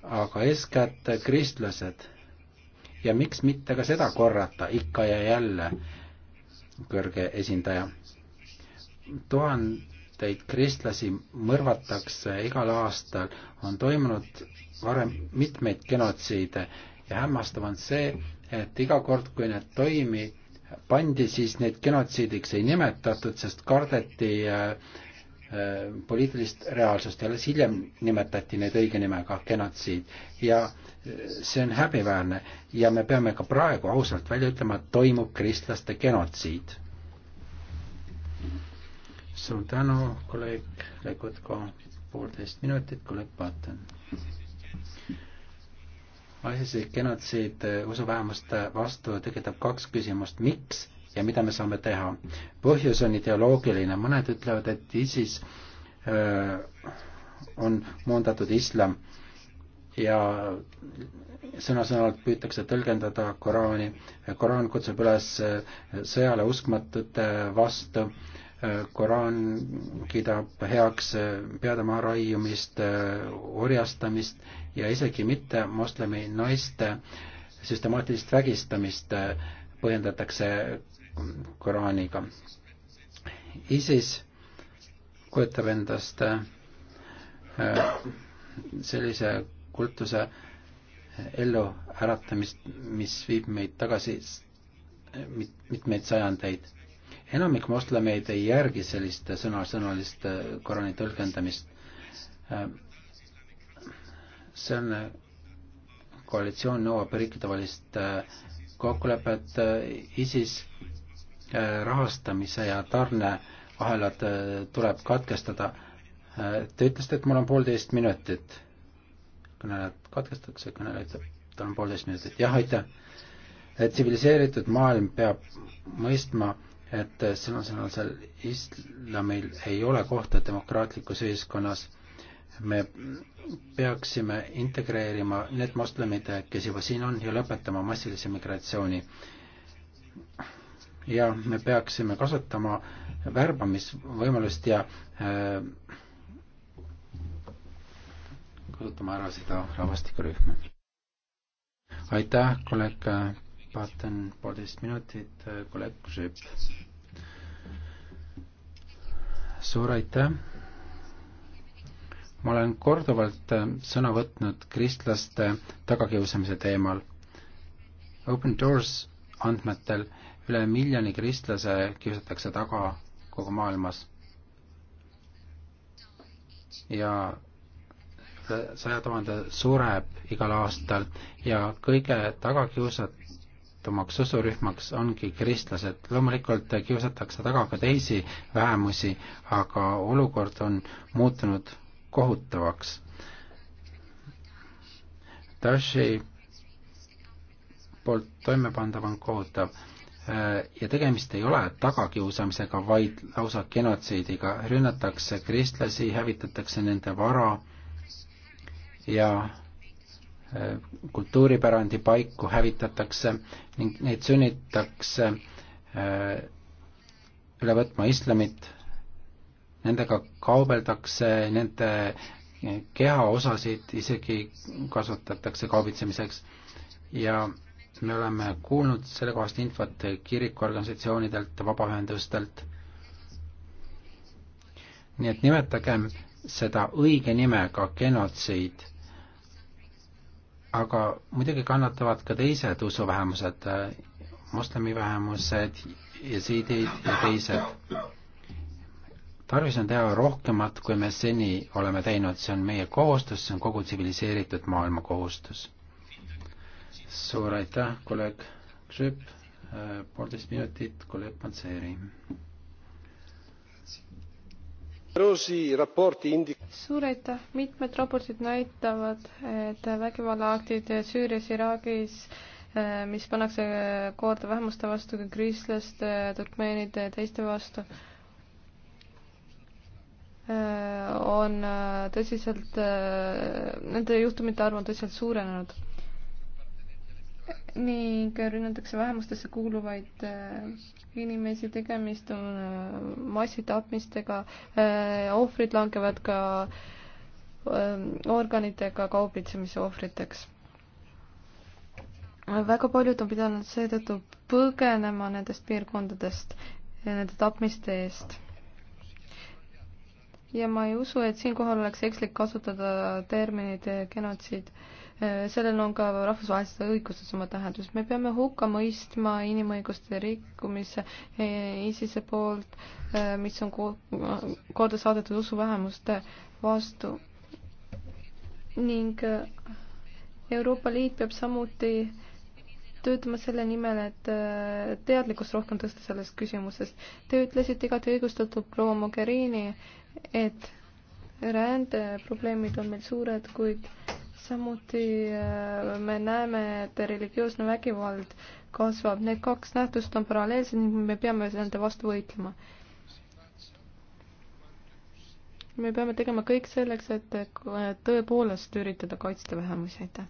aga eeskätt kristlased. ja miks mitte ka seda korrata ikka ja jälle, kõrge esindaja. tuhandeid kristlasi mõrvatakse igal aastal, on toimunud varem mitmeid genotsiide ja hämmastav on see, et iga kord, kui need toimi pandi, siis neid genotsiidiks ei nimetatud, sest kardeti äh, Äh, poliitilist reaalsust, alles hiljem nimetati neid õige nimega, genotsiid ja äh, see on häbiväärne ja me peame ka praegu ausalt välja ütlema, et toimub kristlaste genotsiid. suur tänu, kolleeg Legutko, poolteist minutit, kolleeg Paten. asjasid genotsiid äh, usuvähemuste vastu tekitab kaks küsimust, miks ja mida me saame teha. põhjus on ideoloogiline, mõned ütlevad, et ISIS öö, äh, on moondatud islam ja sõna-sõnalt püütakse tõlgendada Koraani. Koraan kutsub üles äh, sõjale uskmatute vastu, äh, Koraan kiidab heaks peade maha raiumist, orjastamist ja isegi mitte moslemi naiste süstemaatilist vägistamist põhjendatakse Koraaniga. ISIS kujutab endast äh, sellise kultuse elluäratamist, mis viib meid tagasi mit-, mitmeid sajandeid. enamik moslemeid ei järgi sellist sõnasõnalist äh, Korani tõlgendamist. Äh, see on, koalitsioon nõuab riikidevahelist kokkulepet, ISIS Äh, rahastamise ja tarneahelad äh, tuleb katkestada. Äh, te ütlesite, et mul on poolteist minutit. kõnelejad katkestatakse, kõneleja ütleb, tal on poolteist minutit. jah, aitäh. tsiviliseeritud maailm peab mõistma, et sõnasõnalisel islamil ei ole kohta demokraatlikus ühiskonnas. me peaksime integreerima need moslemid, kes juba siin on ja lõpetama massilise migratsiooni ja me peaksime kasutama värbamisvõimalust ja äh, kasutama ära seda rahvastikurühma. aitäh, kolleeg Patten, poolteist minutit, kolleeg Žüpp. suur aitäh. ma olen korduvalt äh, sõna võtnud kristlaste tagakiusamise teemal. Open Doors andmetel äh, üle miljoni kristlase kiusatakse taga kogu maailmas. ja üle saja tuhande sureb igal aastal ja kõige tagakiusatumaks usurühmaks ongi kristlased. loomulikult kiusatakse taga ka teisi vähemusi, aga olukord on muutunud kohutavaks. Dashi poolt toime pandav on kohutav Äh, ja tegemist ei ole tagakiusamisega, vaid lausa genotsiidiga, rünnatakse kristlasi, hävitatakse nende vara ja äh, kultuuripärandi paiku hävitatakse ning neid sunnitakse äh, üle võtma islamit, nendega kaubeldakse, nende kehaosasid isegi kasutatakse kaubitsemiseks ja me oleme kuulnud sellekohast infot kirikuorganisatsioonidelt, vabaühendustelt. nii et nimetagem seda õige nimega genotsiid. aga muidugi kannatavad ka teised usuvähemused, moslemivähemused, jesiidid ja teised. tarvis on teha rohkemat, kui me seni oleme teinud, see on meie kohustus, see on kogu tsiviliseeritud maailma kohustus suur aitäh, kolleeg Kšõp, poolteist minutit, kolleeg Panseri. suur aitäh, mitmed raportid näitavad, et vägivallaaktid Süürias, Iraagis, mis pannakse koorda vähemuste vastu, kristlaste, turkmeenide ja teiste vastu, on tõsiselt, nende juhtumite arv on tõsiselt suurenenud ning rünnatakse vähemustesse kuuluvaid äh, inimesi, tegemist on äh, massitapmistega, äh, ohvrid langevad ka ähm, organitega kaubitsemise ohvriteks. väga paljud on pidanud seetõttu põgenema nendest piirkondadest ja nende tapmiste eest. ja ma ei usu, et siinkohal oleks ekslik kasutada terminit genotsiid äh, Äh, sellel on ka rahvusvahelises õiguses oma tähendus. me peame hukka mõistma inimõiguste rikkumise äh, ISISe poolt, äh, mis on korda saadetud usuvähemuste vastu. ning Euroopa Liit peab samuti töötama selle nimel, et teadlikkust rohkem tõsta sellest küsimusest. Te ütlesite igati õigustatud, proua Mogherini, et rändeprobleemid on meil suured, kuid samuti äh, me näeme, et religioosne vägivald kasvab, need kaks nähtust on paralleelsed ning me peame nende vastu võitlema. me peame tegema kõik selleks, et tõepoolest üritada kaitsta vähemusi, aitäh.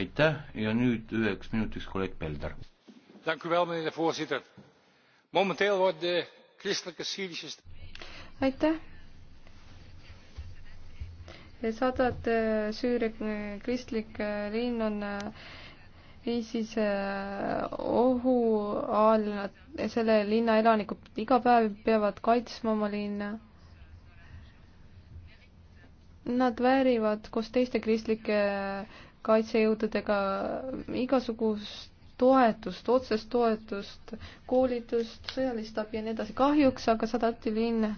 aitäh ja nüüd üheks minutiks kolleeg Pelder. aitäh sadad äh, Süüria äh, kristlik äh, linn on ISISe ohu all, selle linna elanikud iga päev peavad kaitsma oma linna. Nad väärivad koos teiste kristlike kaitsejõududega igasugust toetust, otsest toetust, koolitust, sõjalist abi ja nii edasi. kahjuks aga Sadati linn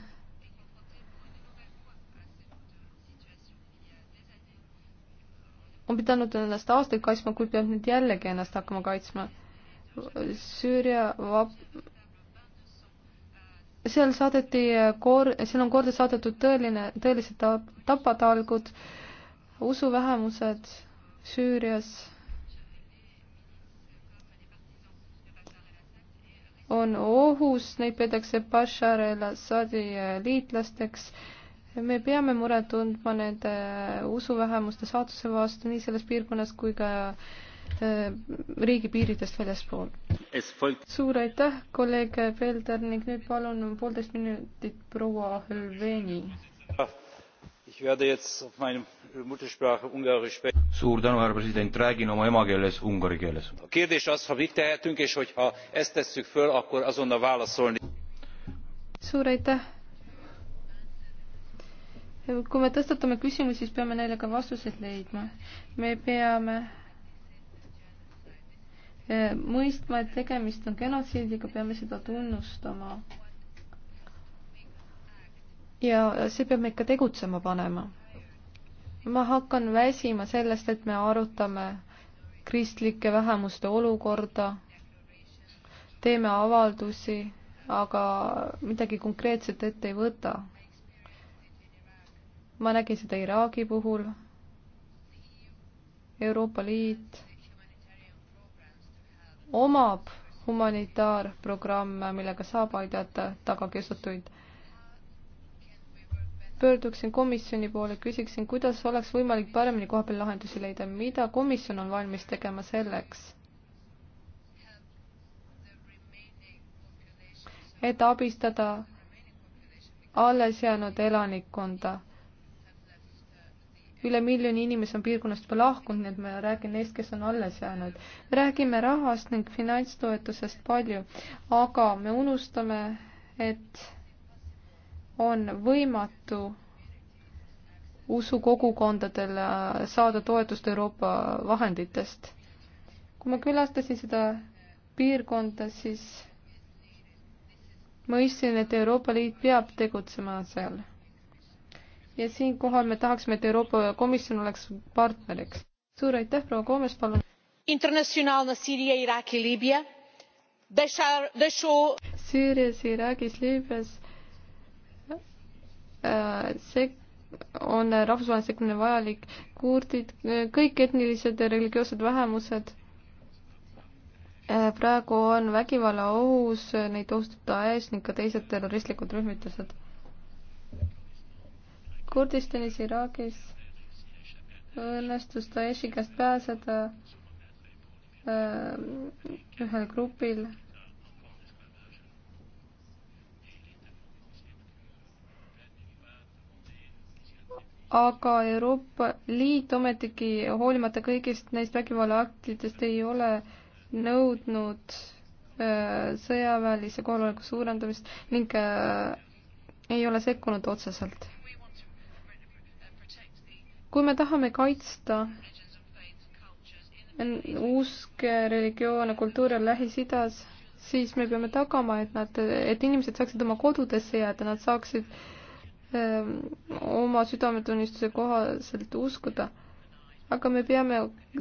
on pidanud ennast aastaid kaitsma, kuid peab nüüd jällegi ennast hakkama kaitsma. Süüria vab-, seal saadeti kor-, seal on korda saadetud tõeline, tõelised ta-, tapatalgud, usuvähemused Süürias on ohus, neid peetakse Bashar el-Assadi liitlasteks me peame muret tundma nende äh, usuvähemuste saatuse vastu nii selles piirkonnas kui ka äh, riigi piiridest väljaspool. suur aitäh, kolleeg Pelder ning nüüd palun poolteist minutit proua Helveni. suur tänu, härra president, räägin oma emakeeles, ungari keeles. suur aitäh kui me tõstatame küsimusi, siis peame neile ka vastuseid leidma. me peame eh, mõistma, et tegemist on genotsiidiga, peame seda tunnustama. ja see peab meid ka tegutsema panema. ma hakkan väsima sellest, et me arutame kristlike vähemuste olukorda, teeme avaldusi, aga midagi konkreetset ette ei võta ma nägin seda Iraagi puhul. Euroopa Liit omab humanitaarprogramme, millega saab aidata tagakiusatuid. pöörduksin komisjoni poole, küsiksin, kuidas oleks võimalik paremini kohapeal lahendusi leida, mida komisjon on valmis tegema selleks, et abistada alles jäänud elanikkonda üle miljoni inimese on piirkonnast juba lahkunud, nii et ma räägin neist, kes on alles jäänud. räägime rahast ning finantstoetusest palju, aga me unustame, et on võimatu usukogukondadel saada toetust Euroopa vahenditest. kui ma külastasin seda piirkonda, siis mõistsin, et Euroopa Liit peab tegutsema seal ja siinkohal me tahaksime, et Euroopa Komisjon oleks partneriks. suur aitäh, proua Koomes, palun. Internatsionaalne Siria, Iraaki, Liibüa. Süürias, Iraagis, Liibüas äh, see on rahvusvaheline sekkumine vajalik, kurdid, kõik etnilised ja religioossed vähemused äh, praegu on vägivalla ohus, neid ohustab Daesh ning ka teised terroristlikud rühmitused Kurdistanis, Iraagis õnnestus Daeshi käest pääseda äh, ühel grupil. aga Euroopa Liit ometigi hoolimata kõigist neist vägivallaaktidest ei ole nõudnud äh, sõjaväelise kohaloleku suurendamist ning äh, ei ole sekkunud otseselt kui me tahame kaitsta usk, religioon ja kultuur on Lähis-Idas, siis me peame tagama, et nad, et inimesed saaksid oma kodudesse jääda, nad saaksid öö, ähm, oma südametunnistuse kohaselt uskuda. aga me peame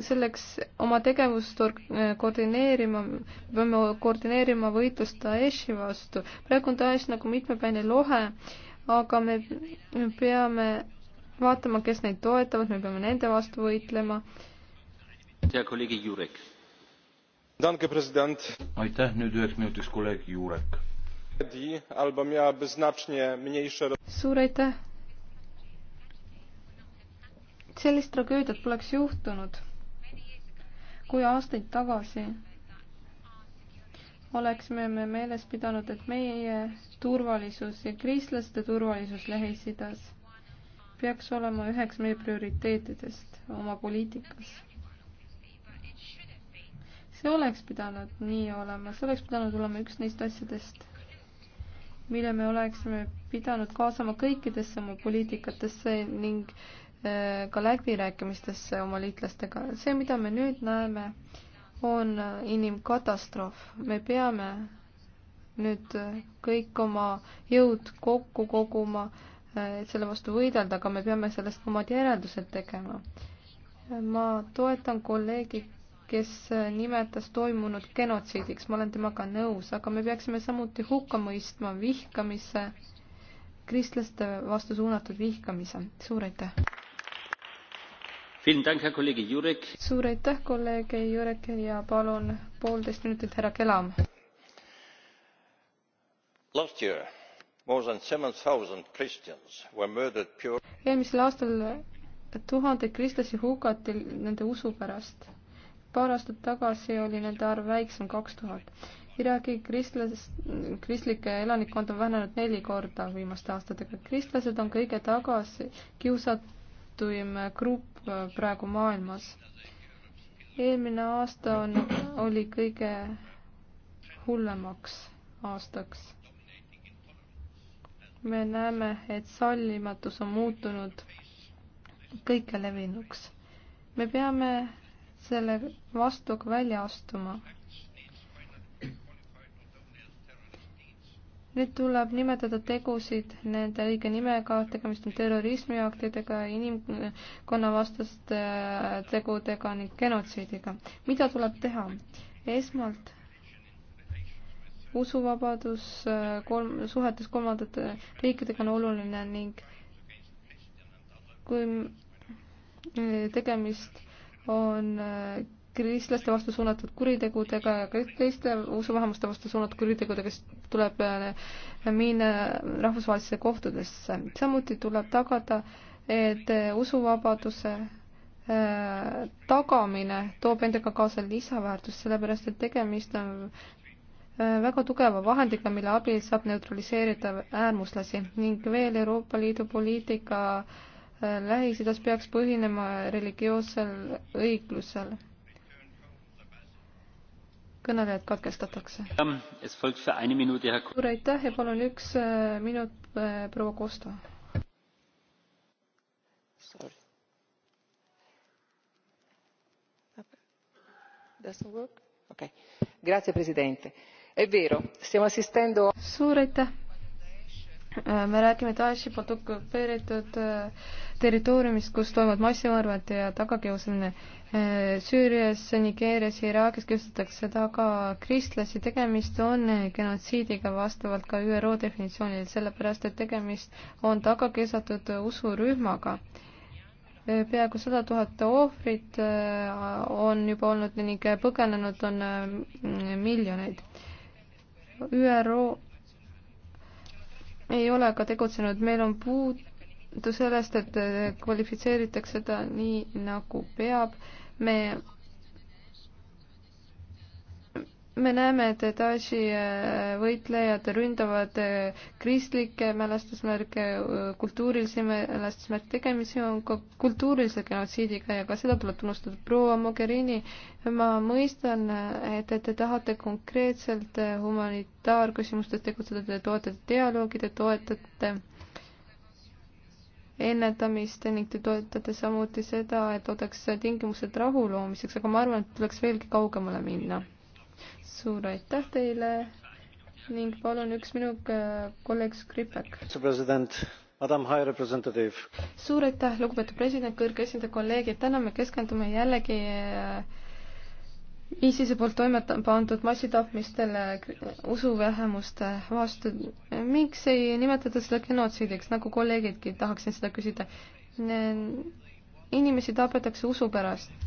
selleks oma tegevust äh, koordineerima, me peame koordineerima võitlust Daeshi vastu. praegu on Daesh nagu mitmepäine lohe, aga me peame vaatama, kes neid toetavad, me peame nende vastu võitlema. aitäh, nüüd üheks minutiks kolleeg Jurek. suur aitäh. sellist tragöödiat poleks juhtunud, kui aastaid tagasi oleksime me meeles pidanud, et meie turvalisus ja kristlaste turvalisus Lähis-Idas peaks olema üheks meie prioriteetidest oma poliitikas. see oleks pidanud nii olema, see oleks pidanud olema üks neist asjadest, mille me oleksime pidanud kaasama kõikidesse oma poliitikatesse ning äh, ka läbirääkimistesse oma liitlastega. see, mida me nüüd näeme, on inimkatastroof. me peame nüüd kõik oma jõud kokku koguma äh, et selle vastu võidelda, aga me peame sellest ka omad järeldused tegema. ma toetan kolleegi, kes nimetas toimunud genotsiidiks, ma olen temaga nõus, aga me peaksime samuti hukka mõistma vihkamise, kristlaste vastu suunatud vihkamise. suur aitäh! suur aitäh, kolleeg Jurek ja palun poolteist minutit, härra Kelam. Last year eelmisel aastal tuhandeid kristlasi hukati nende usu pärast. paar aastat tagasi oli nende arv väiksem, kaks tuhat. Iraagi kristlas-, kristlikke elanikkond on vähenenud neli korda viimaste aastatega. kristlased on kõige tagasi kiusatuim grupp äh, praegu maailmas. eelmine aasta on, oli kõige hullemaks aastaks me näeme, et sallimatus on muutunud kõike levinuks. me peame selle vastu ka välja astuma. nüüd tuleb nimetada tegusid nende õige nimega, tegemist on terrorismiaktidega, inimkonnavastaste tegudega ning genotsiidiga. mida tuleb teha? esmalt usuvabadus äh, kolm, suhetes kolmandate riikidega on oluline ning kui äh, tegemist on äh, kristlaste vastu suunatud kuritegudega ja teiste usuvähemuste vastu suunatud kuritegudega, siis tuleb minna rahvusvahelisse kohtadesse. samuti tuleb tagada, et usuvabaduse tagamine toob endaga kaasa lisaväärtust, sellepärast et tegemist on Äh, väga tugeva vahendiga, mille abil saab neutraliseerida äärmuslasi ning veel Euroopa Liidu poliitika äh, Lähis-Idas peaks põhinema religioossel õiglusel. kõnelejad katkestatakse. Ähm, suur aitäh ja palun üks äh, minut proua Kosta. Doesn't work? Okay. Grazie Presidente suur aitäh! Äh, me räägime Daeshi poolt okupeeritud äh, territooriumist, kus toimuvad massimõrvad ja tagakiusamine. Äh, Süürias, Nigeerias, Iraagis kiusatakse taga kristlasi, tegemist on genotsiidiga vastavalt ka ÜRO definitsioonile, sellepärast et tegemist on tagakiusatud usurühmaga. peaaegu sada tuhat ohvrit on juba olnud ning põgenenud on miljoneid ÜRO ei ole ka tegutsenud, meil on puudu sellest, et kvalifitseeritakse seda nii, nagu peab. me me näeme, et Daeshi äh, võitlejad ründavad äh, kristlikke mälestusmärke, äh, kultuurilisi mälestusmärke, tegemisi on ka kultuurilise genotsiidiga ja ka seda tuleb tunnustada. proua Mogherini, ma mõistan, et, et te tahate konkreetselt humanitaarküsimustes tegutseda, te toetate dialoogi, te toetate ennetamist ning te toetate samuti seda, et oleks tingimused rahu loomiseks, aga ma arvan, et tuleks veelgi kaugemale minna suur aitäh teile ning palun üks minut äh, kolleeg Skripek. suur aitäh, lugupeetud president, kõrge esindaja, kolleegid, täna me keskendume jällegi äh, ISISe poolt toimet pandud massitapmistele äh, usuvähemuste vastu. miks ei nimetata seda genotsiidiks, nagu kolleegidki tahaksin seda küsida? inimesi tapetakse usu pärast.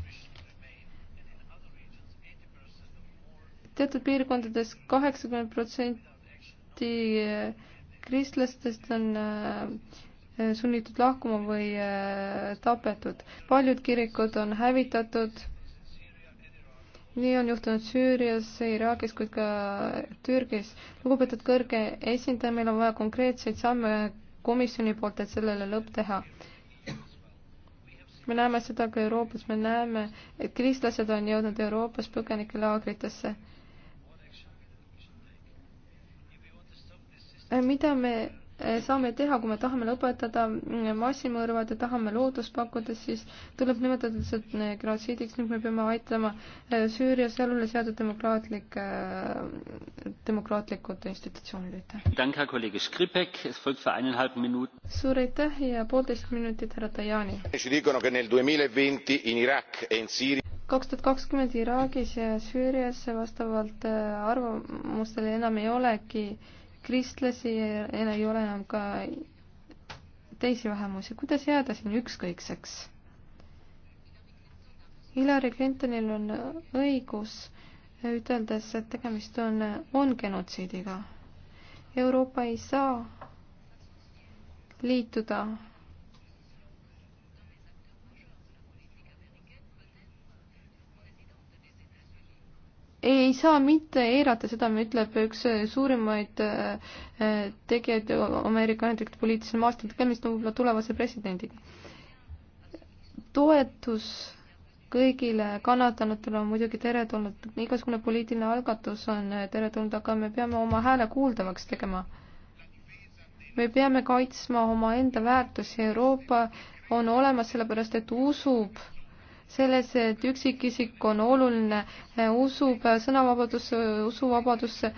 teatud piirkondades kaheksakümmend protsenti eh, kristlastest on eh, eh, sunnitud lahkuma või tapetud. paljud kirikud on hävitatud. nii on juhtunud Süürias, Iraagis kui ka Türgis. lugupeetud kõrge esindaja, meil on vaja konkreetseid samme komisjoni poolt, et sellele lõpp teha. me näeme seda ka Euroopas, me näeme, et kristlased on jõudnud Euroopas põgenikelaagritesse Äh, mida me äh, saame teha, kui me tahame lõpetada äh, massimõrvad ja tahame loodust pakkuda, siis tuleb nimetada seda genotsiidiks, nüüd me peame aitama Süüria sellele seada demokraatlike, demokraatlikud institutsioonid, aitäh. suur aitäh ja poolteist minutit, härra Tajani. E kaks tuhat kakskümmend Iraagis ja Süürias vastavalt arvamustele enam ei olegi äh, kristlasi ei ole enam ka teisi vähemusi, kuidas jääda siin ükskõikseks? Hillary Clintonil on õigus üteldes, et tegemist on, on genotsiidiga. Euroopa ei saa liituda ei saa mitte eirata seda, mida ütleb üks suurimaid äh, tegijaid Ameerika Ühendriikide poliitilisel maastikul, tegemist on võib-olla tulevase presidendiga. toetus kõigile kannatanutele on muidugi teretulnud, igasugune poliitiline algatus on äh, teretulnud, aga me peame oma hääle kuuldavaks tegema. me peame kaitsma omaenda väärtusi, Euroopa on olemas sellepärast, et usub selles, et üksikisik on oluline, eh, usub sõnavabadusse, usuvabadusse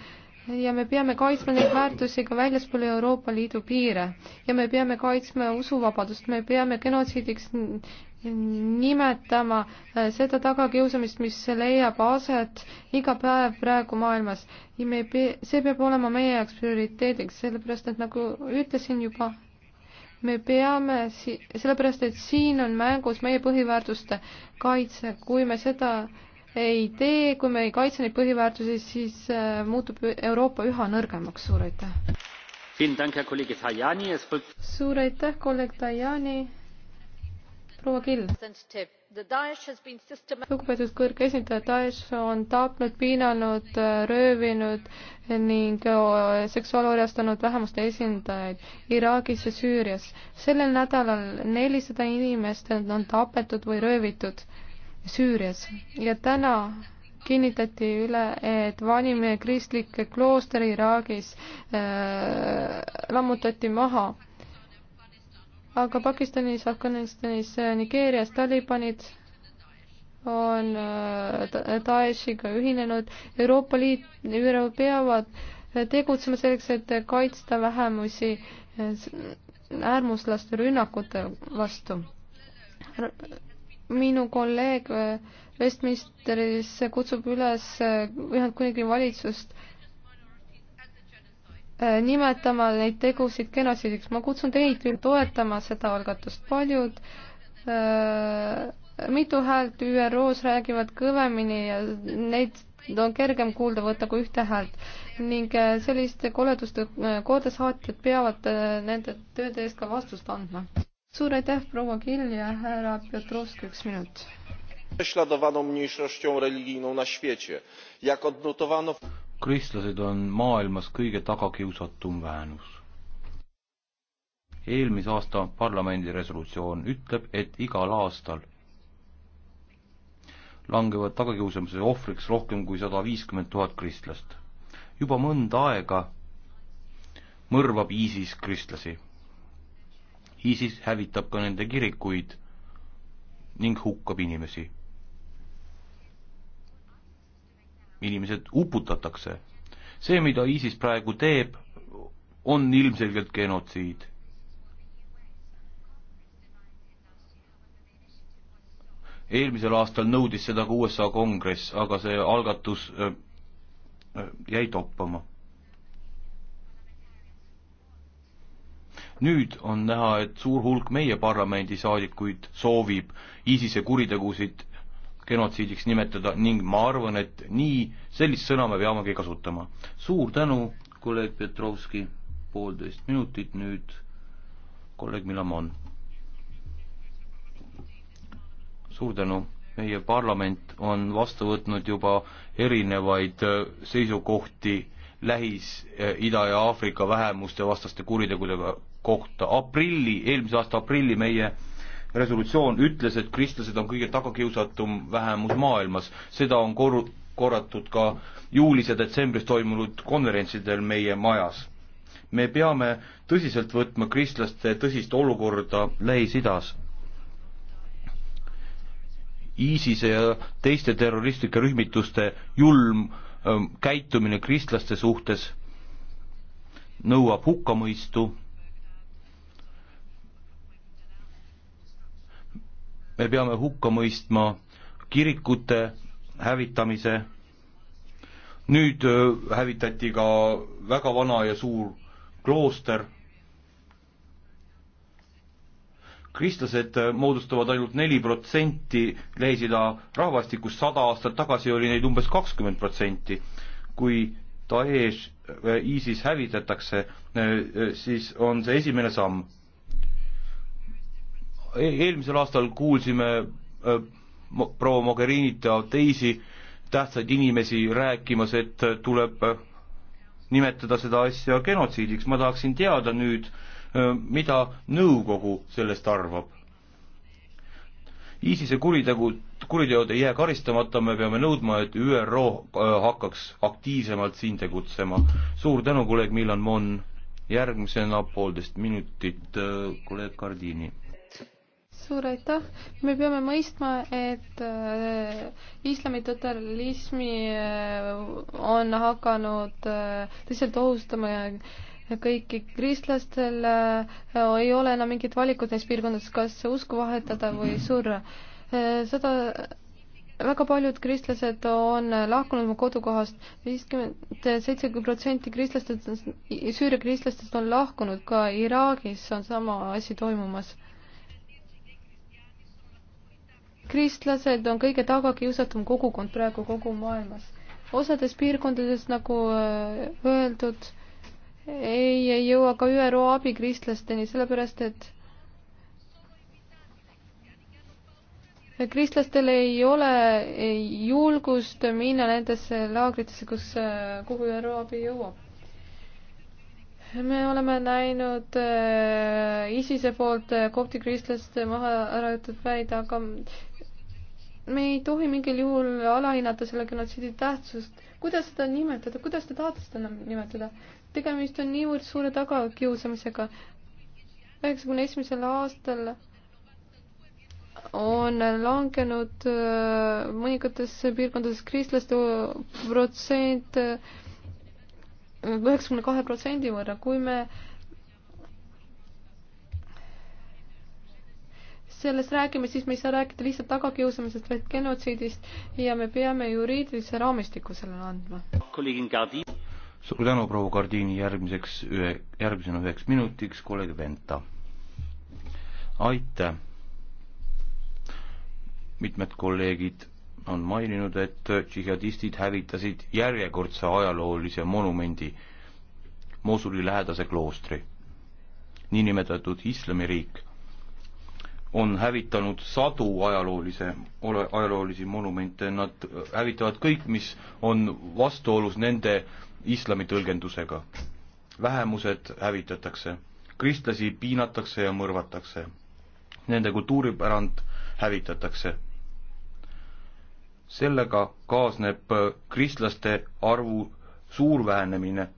ja me peame kaitsma neid väärtusi ka väljaspool Euroopa Liidu piire ja me peame kaitsma usuvabadust, me peame genotsiidiks nimetama eh, seda tagakiusamist, mis leiab aset iga päev praegu maailmas ja me, see peab olema meie jaoks prioriteediks, sellepärast et nagu ütlesin juba, me peame si-, sellepärast, et siin on mängus meie põhiväärtuste kaitse, kui me seda ei tee, kui me ei kaitse neid põhiväärtusi, siis äh, muutub Euroopa üha nõrgemaks, suur aitäh! suur aitäh, kolleeg Tajani! proua Kill. lugupeetud kõrge esindaja, Daesh on tapnud, piinanud, röövinud ning äh, seksuaalorjastanud vähemuste esindajaid Iraagis ja Süürias. sellel nädalal nelisada inimest on tapetud või röövitud Süürias ja täna kinnitati üle, et vanim kristlik klooster Iraagis äh, lammutati maha aga Pakistanis, Afganistanis, Nigeerias Talibanid on äh, Daeshiga ühinenud, Euroopa Liit, ÜRO peavad tegutsema selleks, et kaitsta vähemusi äh, äärmuslaste rünnakute vastu. minu kolleeg äh, Westminsteris kutsub üles Ühendkuningriigi valitsust äh, Äh, nimetama neid tegusid genotsiidiks. ma kutsun teid küll toetama seda algatust. paljud äh, mitu häält ÜRO-s räägivad kõvemini ja neid on kergem kuulda võtta kui ühte häält ning äh, selliste koleduste äh, kordasaatjad peavad nende tööde eest ka vastust andma. suur aitäh, proua Kill ja härra Petrovski, üks minut kristlased on maailmas kõige tagakiusatum väänus. eelmise aasta parlamendi resolutsioon ütleb, et igal aastal langevad tagakiusamise ohvriks rohkem kui sada viiskümmend tuhat kristlast. juba mõnda aega mõrvab ISIS kristlasi. ISIS hävitab ka nende kirikuid ning hukkab inimesi inimesed uputatakse. see, mida ISIS praegu teeb, on ilmselgelt genotsiid. eelmisel aastal nõudis seda ka USA kongress, aga see algatus äh, äh jäi toppama. nüüd on näha, et suur hulk meie parlamendisaadikuid soovib ISISe kuritegusid genotsiidiks nimetada ning ma arvan, et nii, sellist sõna me peamegi kasutama. suur tänu, kolleeg Petrovski, poolteist minutit nüüd, kolleeg Milamon. suur tänu, meie parlament on vastu võtnud juba erinevaid äh, seisukohti Lähis-Ida äh, ja Aafrika vähemuste vastaste kuritegudega kohta. aprilli, eelmise aasta aprilli meie resolutsioon ütles, et kristlased on kõige tagakiusatum vähemus maailmas, seda on kor-, korratud ka juulis ja detsembris toimunud konverentsidel meie majas. me peame tõsiselt võtma kristlaste tõsist olukorda Lähis-Idas. ISISe ja teiste terroristlike rühmituste julm ähm, käitumine kristlaste suhtes nõuab hukkamõistu me peame hukka mõistma kirikute hävitamise, nüüd äh, hävitati ka väga vana ja suur klooster, kristlased äh, moodustavad ainult neli protsenti Lähis-Ida rahvastikust, sada aastat tagasi oli neid umbes kakskümmend protsenti. kui Daesh, äh, ISIS hävitatakse, siis on see esimene samm E-, eelmisel aastal kuulsime äh, proua Mogherinit ja teisi tähtsaid inimesi rääkimas, et äh, tuleb äh, nimetada seda asja genotsiidiks, ma tahaksin teada nüüd, mida nõukogu sellest arvab. ISISe kuritegu, kuriteod ei jää karistamata, me peame nõudma, et ÜRO hakkaks aktiivsemalt siin tegutsema. suur tänu, kolleeg Milan Mon, järgmisena poolteist minutit kolleeg Kardini suur aitäh. me peame mõistma, et äh, islami totalismi äh, on hakanud äh, tõsiselt ohustama kõiki kristlastel äh, ei ole enam mingit valikut neis piirkondades, kas usku vahetada või surra äh,. seda väga paljud kristlased on lahkunud oma kodukohast, viiskümmend, seitsekümmend protsenti kristlastest, Süüria kristlastest on lahkunud, ka Iraagis on sama asi toimumas. kristlased on kõige tagakiusatum kogukond praegu kogu maailmas. osades piirkondades, nagu äh, öeldud, ei, ei jõua ka ÜRO abi kristlasteni, sellepärast et kristlastel ei ole julgust minna nendesse laagritesse, kus, äh, kuhu ÜRO abi jõuab me oleme näinud äh, ISISe poolt äh, kopti kristlaste maha äratud väid, aga me ei tohi mingil juhul alahinnata selle genotsiidi tähtsust. kuidas seda nimetada, kuidas te tahate seda nimetada? tegemist on niivõrd suure tagakiusamisega. üheksakümne esimesel aastal on langenud äh, mõningates piirkondades kristlaste protsent äh, üheksakümne kahe protsendi võrra, kui me äh, sellest räägime, siis me ei saa rääkida lihtsalt tagakiusamisest, vaid genotsiidist ja me peame juriidilise raamistiku sellele andma. suur tänu, proua Gardiini, järgmiseks ühe, järgmisena üheks minutiks kolleeg Venta. aitäh. mitmed kolleegid on maininud, et džihadistid hävitasid järjekordse ajaloolise monumendi, Mosuli lähedase kloostri, niinimetatud islamiriik on hävitanud sadu ajaloolise, ole, ajaloolisi monumente, nad hävitavad kõik, mis on vastuolus nende islami tõlgendusega. vähemused hävitatakse, kristlasi piinatakse ja mõrvatakse. Nende kultuuripärand hävitatakse. sellega kaasneb kristlaste arvu suur vähenemine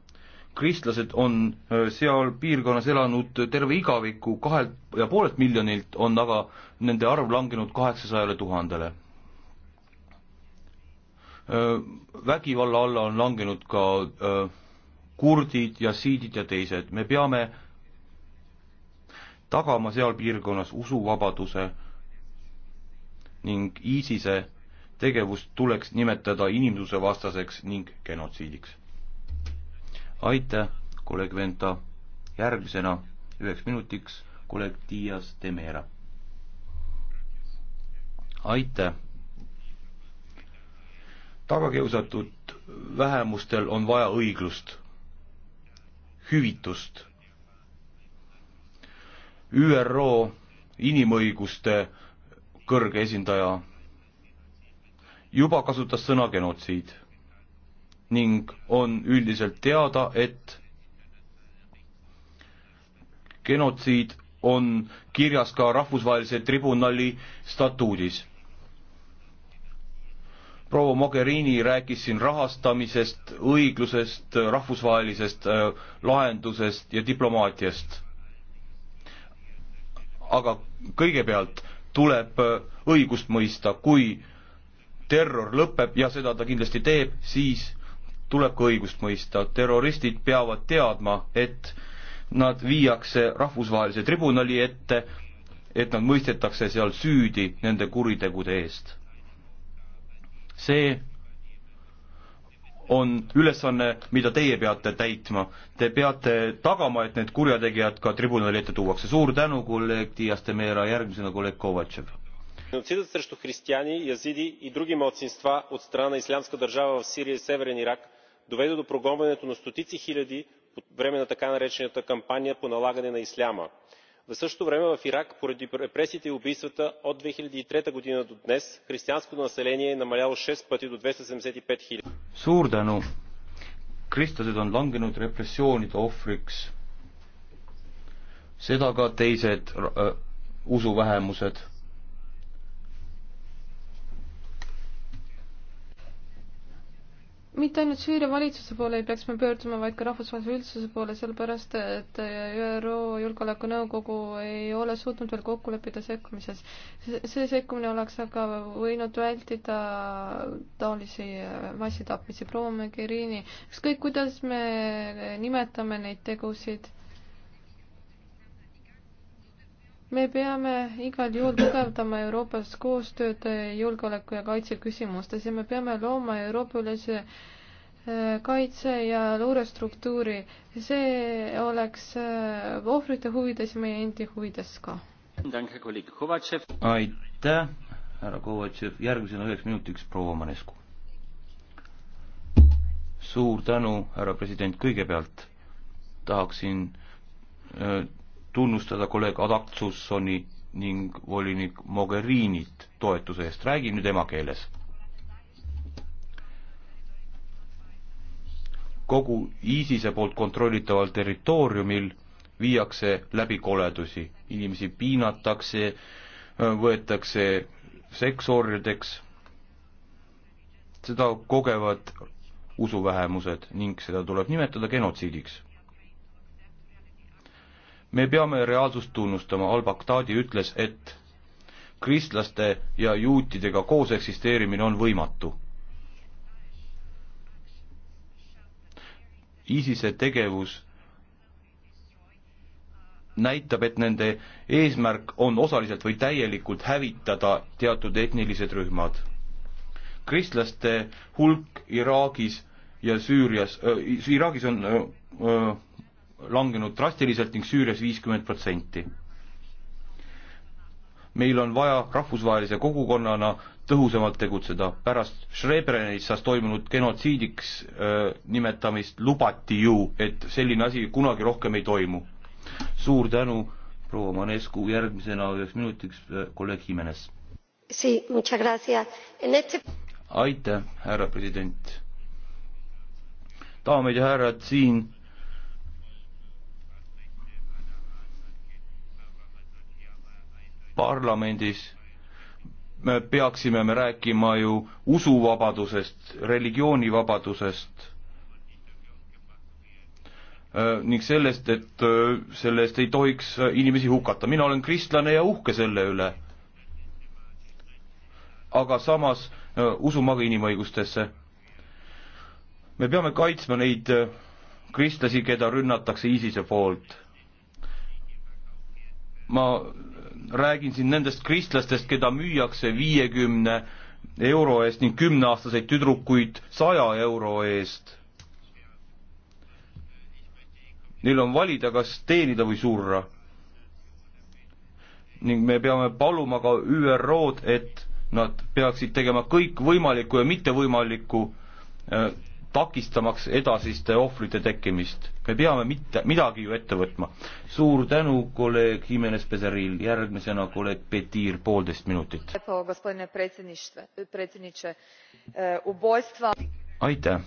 kristlased on seal piirkonnas elanud terve igaviku, kahelt ja poolelt miljonilt on aga nende arv langenud kaheksasajale tuhandele. Vägivalla alla on langenud ka kurdid ja siidid ja teised, me peame tagama seal piirkonnas usuvabaduse ning ISISe tegevust tuleks nimetada inimsusevastaseks ning genotsiidiks aitäh, kolleeg Venta. järgmisena üheks minutiks kolleeg Dias Temera. aitäh. tagakiusatud vähemustel on vaja õiglust, hüvitust. ÜRO inimõiguste kõrge esindaja juba kasutas sõna genotsiid ning on üldiselt teada, et genotsiid on kirjas ka rahvusvahelise tribunali statuudis. proua Mogherini rääkis siin rahastamisest, õiglusest, rahvusvahelisest äh, lahendusest ja diplomaatiast. aga kõigepealt tuleb äh, õigust mõista, kui terror lõpeb ja seda ta kindlasti teeb, siis tuleb ka õigust mõista, terroristid peavad teadma, et nad viiakse rahvusvahelise tribunali ette, et nad mõistetakse seal süüdi nende kuritegude eest. see on ülesanne, mida teie peate täitma. Te peate tagama, et need kurjategijad ka tribunali ette tuuakse. suur tänu, kolleeg Dias de Meera, järgmisena kolleeg Kovatšev. Геноцидът срещу християни, язиди и други младсинства от страна на Ислямска държава в Сирия и Северен Ирак – доведе до прогонването на стотици хиляди по време на така наречената кампания по налагане на исляма. в същото време в ирак поради репресиите и убийствата от две хиляди и трета г. до днес християнското население е намаляло шест пъти до. двеста seventy five хиляди kristlased on langenud repressioonide ohvriks seda ka teised äh, usuvähemused mitte ainult Süüria valitsuse poole ei peaks me pöörduma, vaid ka rahvusvahelise üldsuse poole, sellepärast et ÜRO Julgeolekunõukogu ei ole suutnud veel kokku leppida sekkumises. see sekkumine oleks aga võinud vältida taolisi massitapmisi. proua Mogherini, ükskõik kuidas me nimetame neid tegusid me peame igal juhul tugevdama Euroopas koostööd julgeoleku ja kaitse küsimustes ja me peame looma Euroopa-ülese eh, kaitse ja luurestruktuuri. see oleks eh, ohvrite huvides ja meie endi huvides ka. aitäh, härra Kovatšev, järgmisena üheks minutiks proua Manescu. suur tänu, härra president, kõigepealt tahaksin öö, eh, tunnustada kolleeg Adaktussoni ning volinik Mogherinit toetuse eest, räägin nüüd emakeeles. kogu ISISe poolt kontrollitaval territooriumil viiakse läbi koledusi, inimesi piinatakse, võetakse seksorjadeks, seda kogevad usuvähemused ning seda tuleb nimetada genotsiidiks me peame reaalsust tunnustama, al-Baghdadi ütles, et kristlaste ja juutidega koos eksisteerimine on võimatu. ISISe tegevus näitab, et nende eesmärk on osaliselt või täielikult hävitada teatud etnilised rühmad. kristlaste hulk Iraagis ja Süürias äh,, Iraagis on äh, äh langenud drastiliselt ning Süürias viiskümmend protsenti. meil on vaja rahvusvahelise kogukonnana tõhusamalt tegutseda, pärast Srebrenitsas toimunud genotsiidiks öö, äh, nimetamist lubati ju, et selline asi kunagi rohkem ei toimu. suur tänu, proua Manescu, järgmisena üheks minutiks äh, kolleeg Jimenez. aitäh, härra president daamid ja härrad, siin parlamendis me peaksime me rääkima ju usuvabadusest, religioonivabadusest äh, ning sellest, et äh, selle eest ei tohiks äh, inimesi hukata. mina olen kristlane ja uhke selle üle. aga samas usume aga inimõigustesse. me peame kaitsma neid kristlasi, keda rünnatakse ISISe poolt ma räägin siin nendest kristlastest, keda müüakse viiekümne euro eest ning kümneaastaseid tüdrukuid saja euro eest. Neil on valida, kas teenida või surra. ning me peame paluma ka ÜRO-d, et nad peaksid tegema kõik võimalikku ja mittevõimalikku äh, takistamaks edasiste ohvrite tekkimist. me peame mitte, midagi ju ette võtma. suur tänu, kolleeg Jimenez Peseril, järgmisena kolleeg Petir, poolteist minutit. E, aitäh,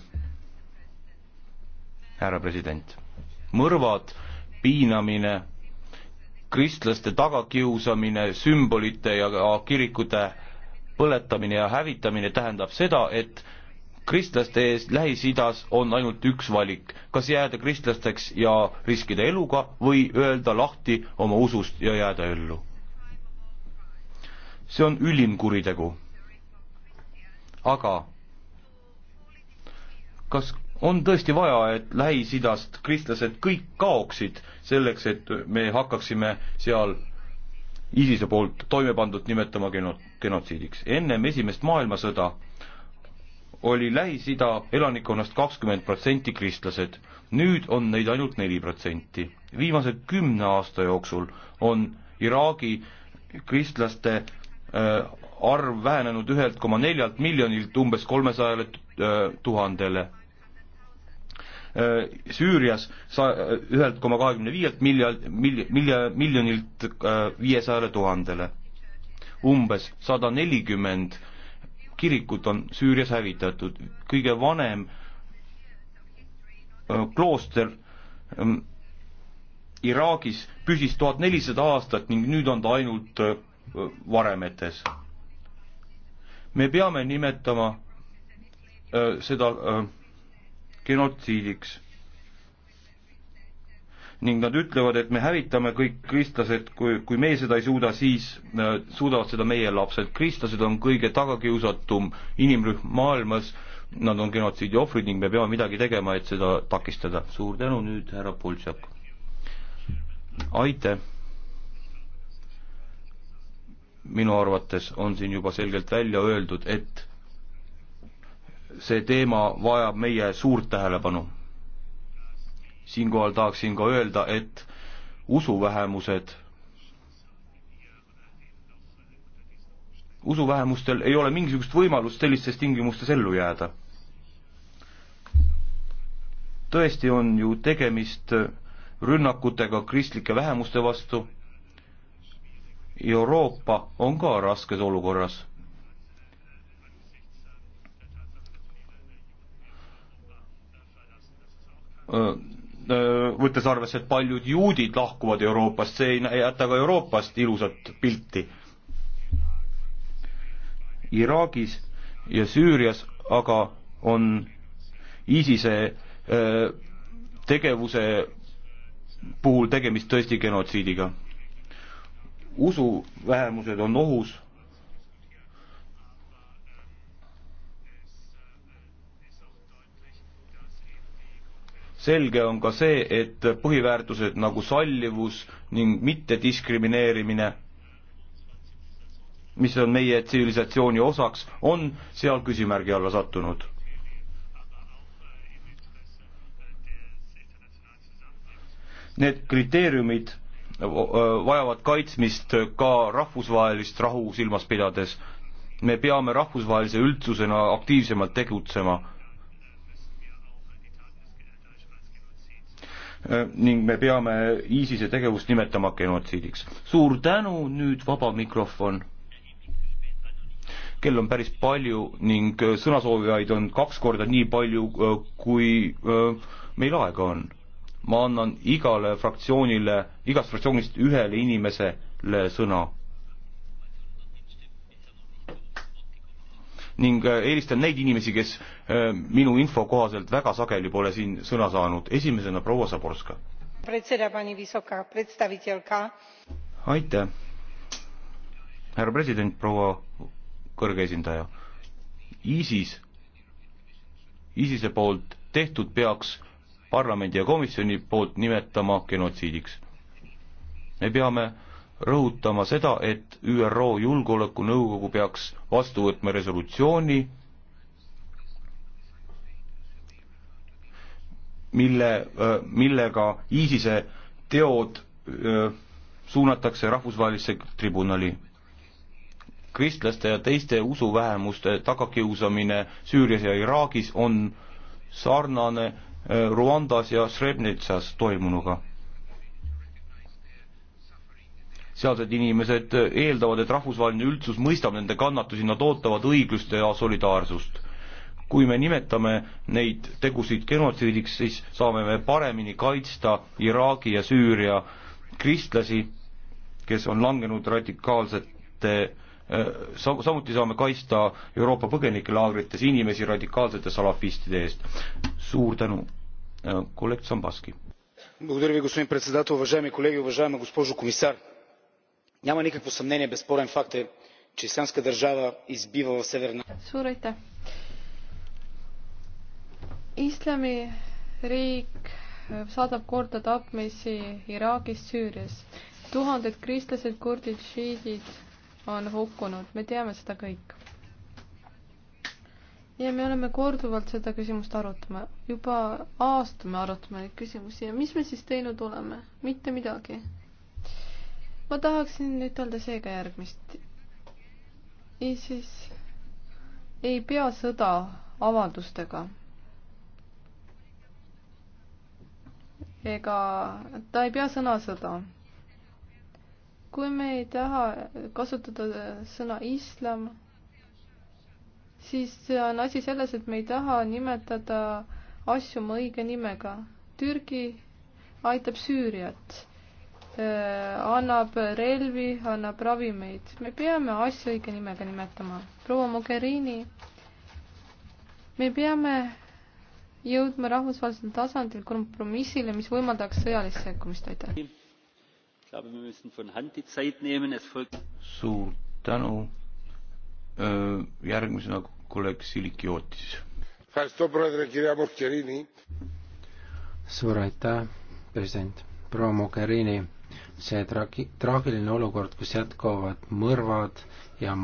härra president. mõrvad, piinamine, kristlaste tagakiusamine, sümbolite ja kirikute põletamine ja hävitamine tähendab seda, et kristlaste eest Lähis-Idas on ainult üks valik, kas jääda kristlasteks ja riskida eluga või öelda lahti oma usust ja jääda ellu. see on ülim kuritegu. aga kas on tõesti vaja, et Lähis-Idast kristlased kõik kaoksid selleks, et me hakkaksime seal ISISe poolt toime pandud nimetama geno-, genotsiidiks. ennem Esimest maailmasõda oli Lähis-Ida elanikkonnast kakskümmend protsenti kristlased, nüüd on neid ainult neli protsenti. viimase kümne aasta jooksul on Iraagi kristlaste äh, arv vähenenud ühelt koma neljalt miljonilt umbes kolmesajale äh, tuhandele. Äh, Süürias sa-, ühelt koma kahekümne viielt miljard, mil-, milja-, miljonilt viiesajale tuhandele. umbes sada nelikümmend kirikut on Süürias hävitatud, kõige vanem äh, klooster ähm, Iraagis püsis tuhat nelisada aastat ning nüüd on ta ainult äh, varemetes. me peame nimetama äh, seda genotsiidiks ning nad ütlevad, et me hävitame kõik kristlased, kui, kui meie seda ei suuda, siis äh, suudavad seda meie lapsed. kristlased on kõige tagakiusatum inimrühm maailmas, nad on genotsiidi ohvrid ning me peame midagi tegema, et seda takistada. suur tänu nüüd, härra Poltsak. aitäh. minu arvates on siin juba selgelt välja öeldud, et see teema vajab meie suurt tähelepanu siinkohal tahaksin ka öelda, et usuvähemused, usuvähemustel ei ole mingisugust võimalust sellistes tingimustes ellu jääda. tõesti on ju tegemist rünnakutega kristlike vähemuste vastu. Euroopa on ka raskes olukorras võttes arvesse, et paljud juudid lahkuvad Euroopast, see ei jäta ka Euroopast ilusat pilti. Iraagis ja Süürias aga on ISISe tegevuse puhul tegemist tõesti genotsiidiga. usuvähemused on ohus selge on ka see, et põhiväärtused nagu sallivus ning mittediskrimineerimine, mis on meie tsivilisatsiooni osaks, on seal küsimärgi alla sattunud. Need kriteeriumid äh, vajavad kaitsmist ka rahvusvahelist rahu silmas pidades. me peame rahvusvahelise üldsusena aktiivsemalt tegutsema Äh, ning me peame ISISe tegevust nimetama genotsiidiks. suur tänu, nüüd vaba mikrofon. kell on päris palju ning äh, sõnasoovijaid on kaks korda nii palju, äh, kui meil aega on. ma annan igale fraktsioonile, igast fraktsioonist ühele inimesele sõna ning äh, eelistan neid inimesi, kes äh, minu info kohaselt väga sageli pole siin sõna saanud. esimesena proua Zaborska. aitäh, härra president, proua kõrge esindaja. ISIS, ISISe poolt tehtud peaks parlamendi ja komisjoni poolt nimetama genotsiidiks. me peame rõhutama seda, et ÜRO Julgeolekunõukogu peaks vastu võtma resolutsiooni, mille, äh, millega ISISe teod äh, suunatakse rahvusvahelisse tribunali kristlaste ja teiste usuvähemuste tagakiusamine Süürias ja Iraagis on sarnane äh, Ruandas ja Srebnitsas toimunuga sealsed inimesed eeldavad, et rahvusvaheline üldsus mõistab nende kannatusi, nad ootavad õiglust ja solidaarsust. kui me nimetame neid tegusid genotsiidiks, siis saame me paremini kaitsta Iraagi ja Süüria kristlasi, kes on langenud radikaalsete äh, sam-, samuti saame kaitsta Euroopa põgenikelaagrites inimesi radikaalsete salafistide eest. suur tänu, äh, kolleeg Zambaski. Благодаря ви, господин председател. Уважаеми колеги, уважаема госпожо комисар! няма никакво съмнение безспорен факт е че ислямска държава избива в северна suur aitäh islamiriik saadab korda tapmisi Iraagis, Süürias. tuhanded kristlased, kurdid, šiidid on hukkunud, me teame seda kõik. ja me oleme korduvalt seda küsimust arutama, juba aasta me arutame neid küsimusi ja mis me siis teinud oleme? mitte midagi ma tahaksin ütelda seega järgmist. ISIS ei pea sõda avaldustega. ega ta ei pea sõnasõda. kui me ei taha kasutada sõna islam, siis on asi selles, et me ei taha nimetada asju oma õige nimega. Türgi aitab Süüriat Äh, annab relvi, annab ravimeid. me peame asju õige nimega nimetama. proua Mogherini, me peame jõudma rahvusvahelisel tasandil kompromissile, mis võimaldaks sõjalist sekkumist, aitäh. suur tänu. Äh, järgmisena kolleeg Siliki ootis. suur aitäh, president proua Mogherini see traagi-, traagiline olukord, kus jätkuvad mõrvad ja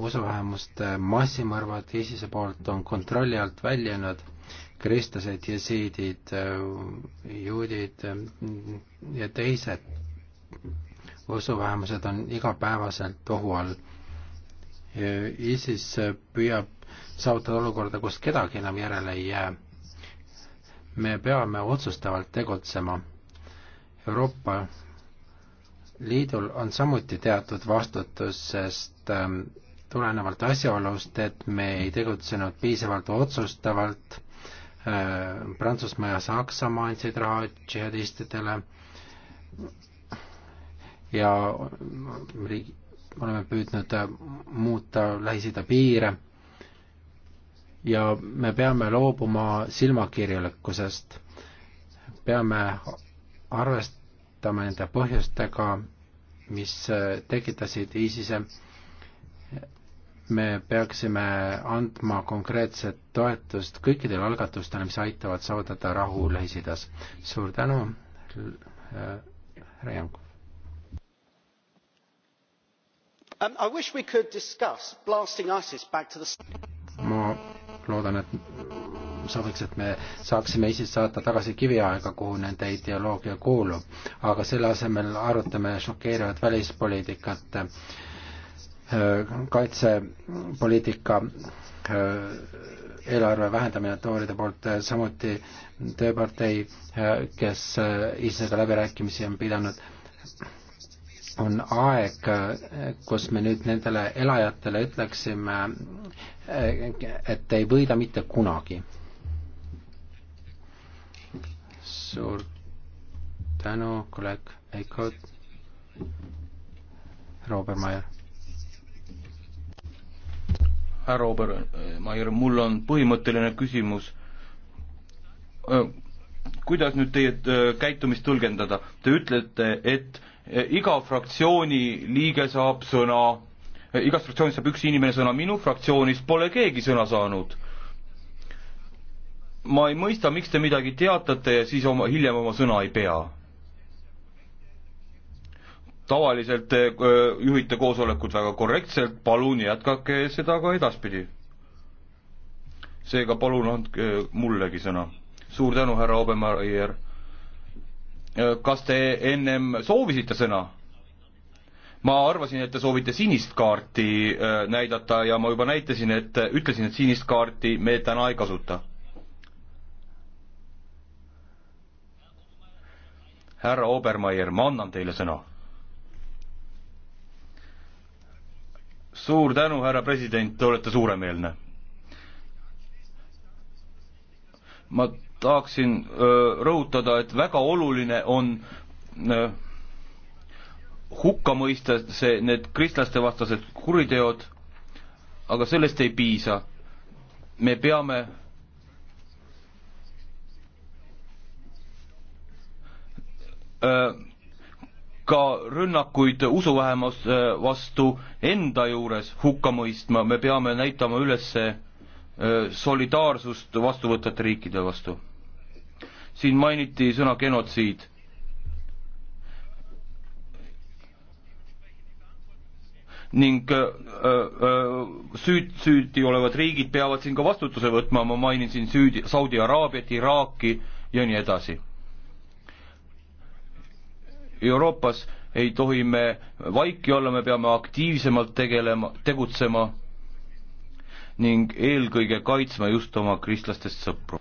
osavähemuste massimõrvad ISISe poolt on kontrolli alt väljunud, kristlased, jesiidid, juudid mm, ja teised usuvähemused on igapäevaselt ohu all. ISIS püüab saavutada olukorda, kus kedagi enam järele ei jää. me peame otsustavalt tegutsema. Euroopa liidul on samuti teatud vastutus, sest ähm, tulenevalt asjaolust, et me ei tegutsenud piisavalt otsustavalt, äh, Prantsusmaa ja Saksamaa andsid raha džihadistidele ja riigi, oleme püüdnud äh, muuta Lähis-Ida piire ja me peame loobuma silmakirjalikkusest, peame arvestama nende põhjustega, mis äh, tekitasid ISISe. me peaksime andma konkreetset toetust kõikidele algatustele, mis aitavad saavutada rahu Lähis-Idas. suur tänu, äh, härra Janko. Um, I wish we could discuss blasting ISIS back to the ma loodan, et selleks, et me saaksime ISIS saata tagasi kiviaega, kuhu nende ideoloogia kuulub. aga selle asemel arutame šokeerivat välispoliitikat, äh, kaitsepoliitika äh, eelarve vähendamine tooride poolt, äh, samuti Tööpartei, kes ISISega läbirääkimisi on pidanud, on aeg, kus me nüüd nendele elajatele ütleksime, et ei võida mitte kunagi suur tänu, kolleeg Eiko, Robert Maier. Robert eh, Maier, mul on põhimõtteline küsimus. kuidas nüüd teie eh, käitumist tõlgendada? Te ütlete, et eh, iga fraktsiooni liige saab sõna, igast fraktsioonist saab üks inimene sõna, minu fraktsioonist pole keegi sõna saanud ma ei mõista, miks te midagi teatate ja siis oma, hiljem oma sõna ei pea. tavaliselt te juhite koosolekut väga korrektselt, palun jätkake seda ka edaspidi. seega palun andke mullegi sõna. suur tänu, härra Obermeier. kas te ennem soovisite sõna? ma arvasin, et te soovite sinist kaarti näidata ja ma juba näitasin, et ütlesin, et sinist kaarti me täna ei kasuta härra Obermeier, ma annan teile sõna. suur tänu, härra president, te olete suuremeelne. ma tahaksin öö, rõhutada, et väga oluline on öö, hukka mõista see, need kristlastevastased kuriteod, aga sellest ei piisa. me peame Äh, ka rünnakuid usuvähemuse äh, vastu enda juures hukka mõistma, me peame näitama üles äh, solidaarsust vastuvõtvate riikide vastu. siin mainiti sõna genotsiid. ning süüd, süüdi olevad riigid peavad siin ka vastutuse võtma, ma mainin siin süüdi Saudi Araabiat, Iraaki ja nii edasi Euroopas ei tohi me vaiki olla, me peame aktiivsemalt tegelema, tegutsema ning eelkõige kaitsma just oma kristlastest sõpru.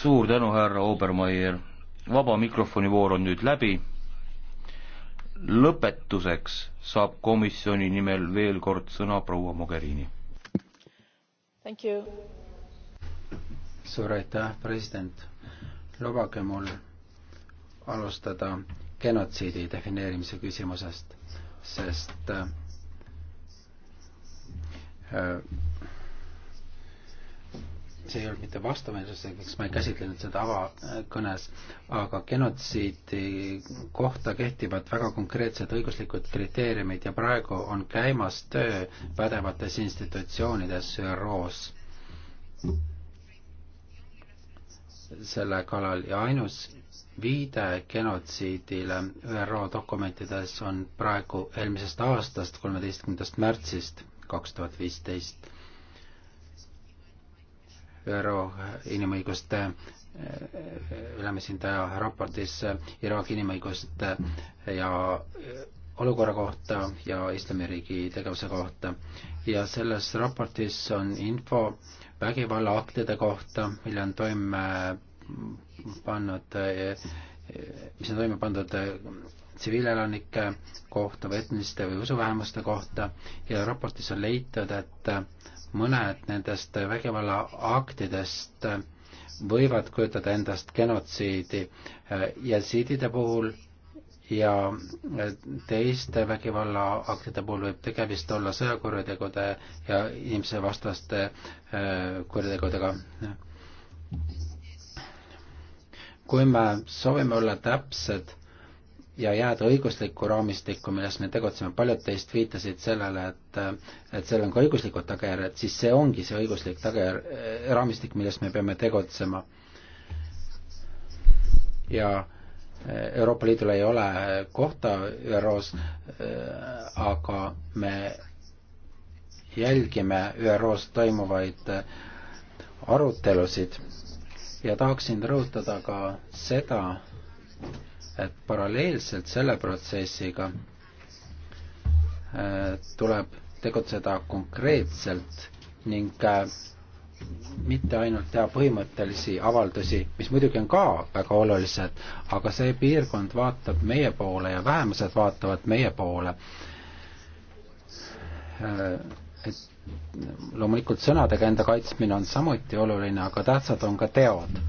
suur tänu, härra Obermeier. vaba mikrofoni voor on nüüd läbi. lõpetuseks saab komisjoni nimel veel kord sõna proua Mogherini. suur aitäh, president. lubage mul alustada genotsiidi defineerimise küsimusest, sest äh, see ei olnud mitte vastumeelsus, eks ma ei käsitlenud seda avakõnes, aga genotsiidi kohta kehtivad väga konkreetsed õiguslikud kriteeriumid ja praegu on käimas töö pädevates institutsioonides ÜRO-s selle kallal ja ainus viide genotsiidile ÜRO dokumentides on praegu eelmisest aastast, kolmeteistkümnendast märtsist kaks tuhat viisteist. ÜRO inimõiguste eh, ülemesindaja raportis eh, Iraagi inimõiguste ja olukorra kohta ja Islamiriigi tegevuse kohta ja selles raportis on info vägivallaaktide kohta, mille on toime pannud, mis on toime pandud tsiviilelanike kohta või etniliste või usuvähemuste kohta ja raportis on leitud, et mõned nendest vägivallaaktidest võivad kujutada endast genotsiidi ja siidide puhul ja eh, teiste vägivallaaktide puhul võib tegemist olla sõjakuritegude ja inimsevastaste eh, kuritegudega. kui me soovime olla täpsed ja jääda õiguslikku raamistikku, milles me tegutseme, paljud teist viitasid sellele, et, et sellel on ka õiguslikud tagajärjed, siis see ongi see õiguslik tagajärg, raamistik, milles me peame tegutsema. ja äh, Euroopa Liidul ei ole kohta ÜRO-s, aga me jälgime ÜRO-s toimuvaid arutelusid ja tahaksin rõhutada ka seda, et paralleelselt selle protsessiga äh, tuleb tegutseda konkreetselt ning äh, mitte ainult teha põhimõttelisi avaldusi, mis muidugi on ka väga olulised, aga see piirkond vaatab meie poole ja vähemused vaatavad meie poole. Äh, et loomulikult sõnadega enda kaitsmine on samuti oluline, aga tähtsad on ka teod.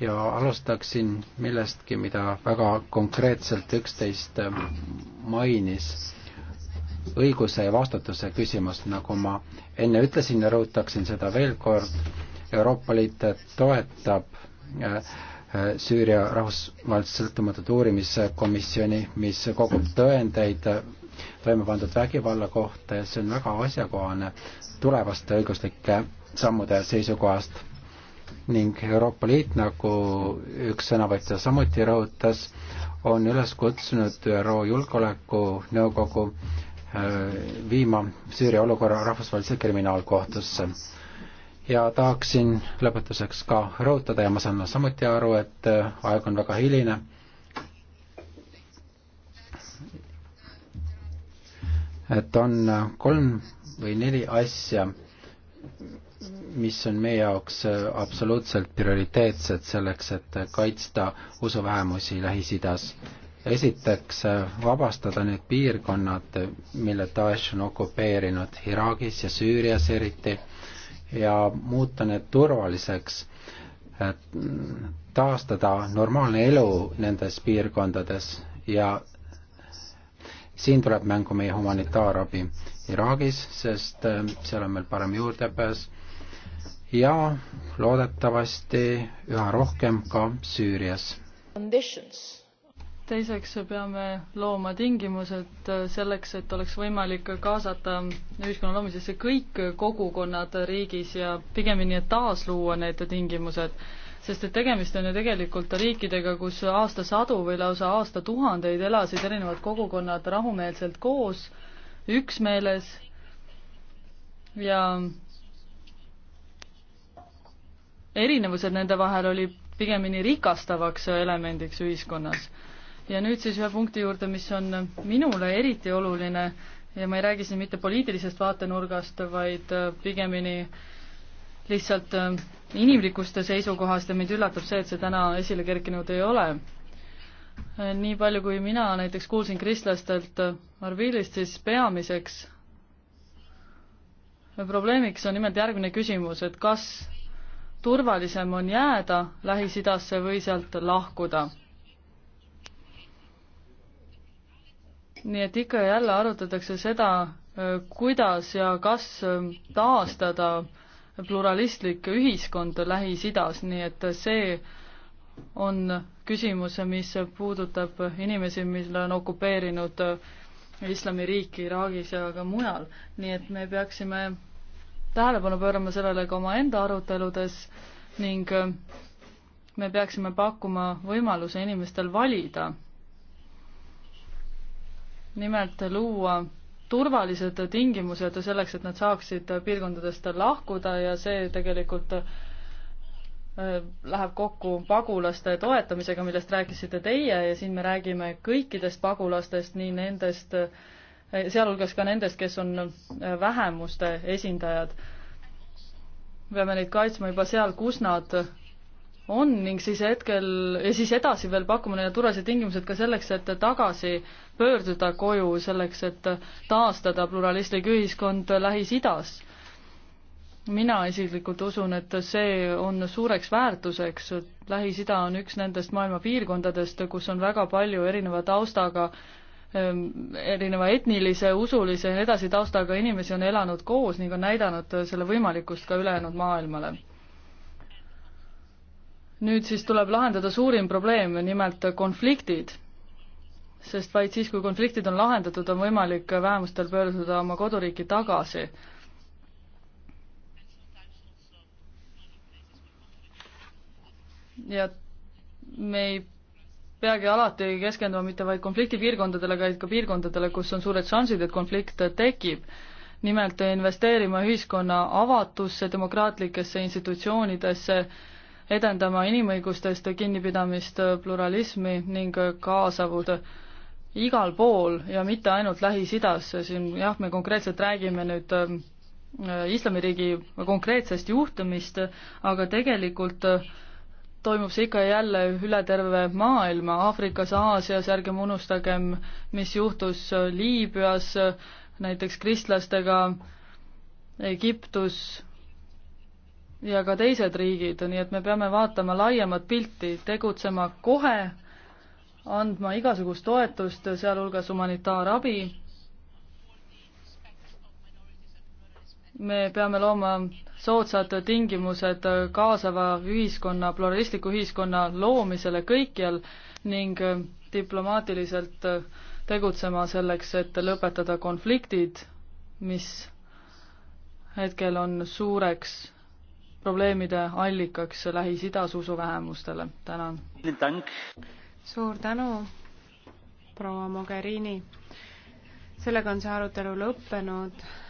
ja alustaksin millestki, mida väga konkreetselt üksteist mainis õiguse ja vastutuse küsimus, nagu ma enne ütlesin ja rõhutaksin seda veel kord, Euroopa Liit toetab äh, äh, Süüria rahvusvahelist sõltumatut uurimiskomisjoni, mis kogub tõendeid äh, toime pandud vägivalla kohta ja see on väga asjakohane tulevaste õiguslike sammude seisukohast. ning Euroopa Liit, nagu üks sõnavõtja samuti rõhutas, on üles kutsunud ÜRO Julgeolekunõukogu Äh, viima Süüria olukorra rahvusvahelisse kriminaalkohtusse. ja tahaksin lõpetuseks ka rõhutada ja ma saan samuti aru, et äh, aeg on väga hiline et on äh, kolm või neli asja, mis on meie jaoks absoluutselt prioriteetsed selleks, et kaitsta usuvähemusi Lähis-Idas esiteks äh, vabastada need piirkonnad, mille Daesh on okupeerinud Iraagis ja Süürias eriti ja muuta need turvaliseks, mm, taastada normaalne elu nendes piirkondades ja siin tuleb mängu meie humanitaarabi Iraagis, sest äh, seal on meil parem juurdepääs ja loodetavasti üha rohkem ka Süürias. Conditions teiseks peame looma tingimused selleks, et oleks võimalik kaasata ühiskonna loomisesse kõik kogukonnad riigis ja pigemini taasluua need tingimused, sest et tegemist on ju tegelikult riikidega, kus aastasadu või lausa aastatuhandeid elasid erinevad kogukonnad rahumeelselt koos, üksmeeles ja erinevused nende vahel oli pigemini rikastavaks elemendiks ühiskonnas ja nüüd siis ühe punkti juurde, mis on minule eriti oluline ja ma ei räägi siin mitte poliitilisest vaatenurgast, vaid äh, pigemini lihtsalt äh, inimlikust seisukohast ja mind üllatab see, et see täna esile kerkinud ei ole. Äh, nii palju, kui mina näiteks kuulsin kristlastelt Arvilist, siis peamiseks probleemiks on nimelt järgmine küsimus, et kas turvalisem on jääda Lähis-Idasse või sealt lahkuda nii et ikka ja jälle arutatakse seda, äh, kuidas ja kas ähm, taastada pluralistlik ühiskond Lähis-Idas, nii et see on küsimus, mis puudutab inimesi, mille on okupeerinud äh, islamiriik Iraagis ja ka mujal. nii et me peaksime tähelepanu pöörama sellele ka omaenda aruteludes ning äh, me peaksime pakkuma võimaluse inimestel valida nimelt luua turvalised tingimused selleks, et nad saaksid piirkondadest lahkuda ja see tegelikult äh, läheb kokku pagulaste toetamisega, millest rääkisite teie ja siin me räägime kõikidest pagulastest, nii nendest, äh, sealhulgas ka nendest, kes on äh, vähemuste esindajad. peame neid kaitsma juba seal, kus nad on ning siis hetkel ja siis edasi veel pakkuma neile turvalised tingimused ka selleks, et tagasi äh, pöörduda koju selleks, et taastada pluralistlik ühiskond Lähis-Idas. mina isiklikult usun, et see on suureks väärtuseks, Lähis-Ida on üks nendest maailma piirkondadest, kus on väga palju erineva taustaga ehm, erineva etnilise, usulise ja nii edasi taustaga inimesi on elanud koos ning on näidanud selle võimalikkust ka ülejäänud maailmale nüüd siis tuleb lahendada suurim probleem, nimelt konfliktid sest vaid siis, kui konfliktid on lahendatud, on võimalik vähemustel pöörduda oma koduriiki tagasi. ja me ei peagi alati keskenduma mitte vaid konfliktipiirkondadele, vaid ka piirkondadele, kus on suured šansid, et konflikt tekib. nimelt investeerima ühiskonna avatusse, demokraatlikesse institutsioonidesse, edendama inimõigustest kinnipidamist, pluralismi ning kaasavud igal pool ja mitte ainult Lähis-Idas, siin jah, me konkreetselt räägime nüüd ähm, äh, islamiriigi konkreetsest juhtumist, aga tegelikult äh, toimub see ikka ja jälle üle terve maailma, Aafrikas, Aasias, ärgem unustagem, mis juhtus äh, Liibüas näiteks kristlastega, Egiptus ja ka teised riigid, nii et me peame vaatama laiemat pilti, tegutsema kohe andma igasugust toetust, sealhulgas humanitaarabi. me peame looma soodsad tingimused kaasava ühiskonna, pluralistliku ühiskonna loomisele kõikjal ning diplomaatiliselt tegutsema selleks, et lõpetada konfliktid, mis hetkel on suureks probleemide allikaks Lähis-Idas usuvähemustele. tänan suur tänu, proua Mogherini. sellega on see arutelu lõppenud.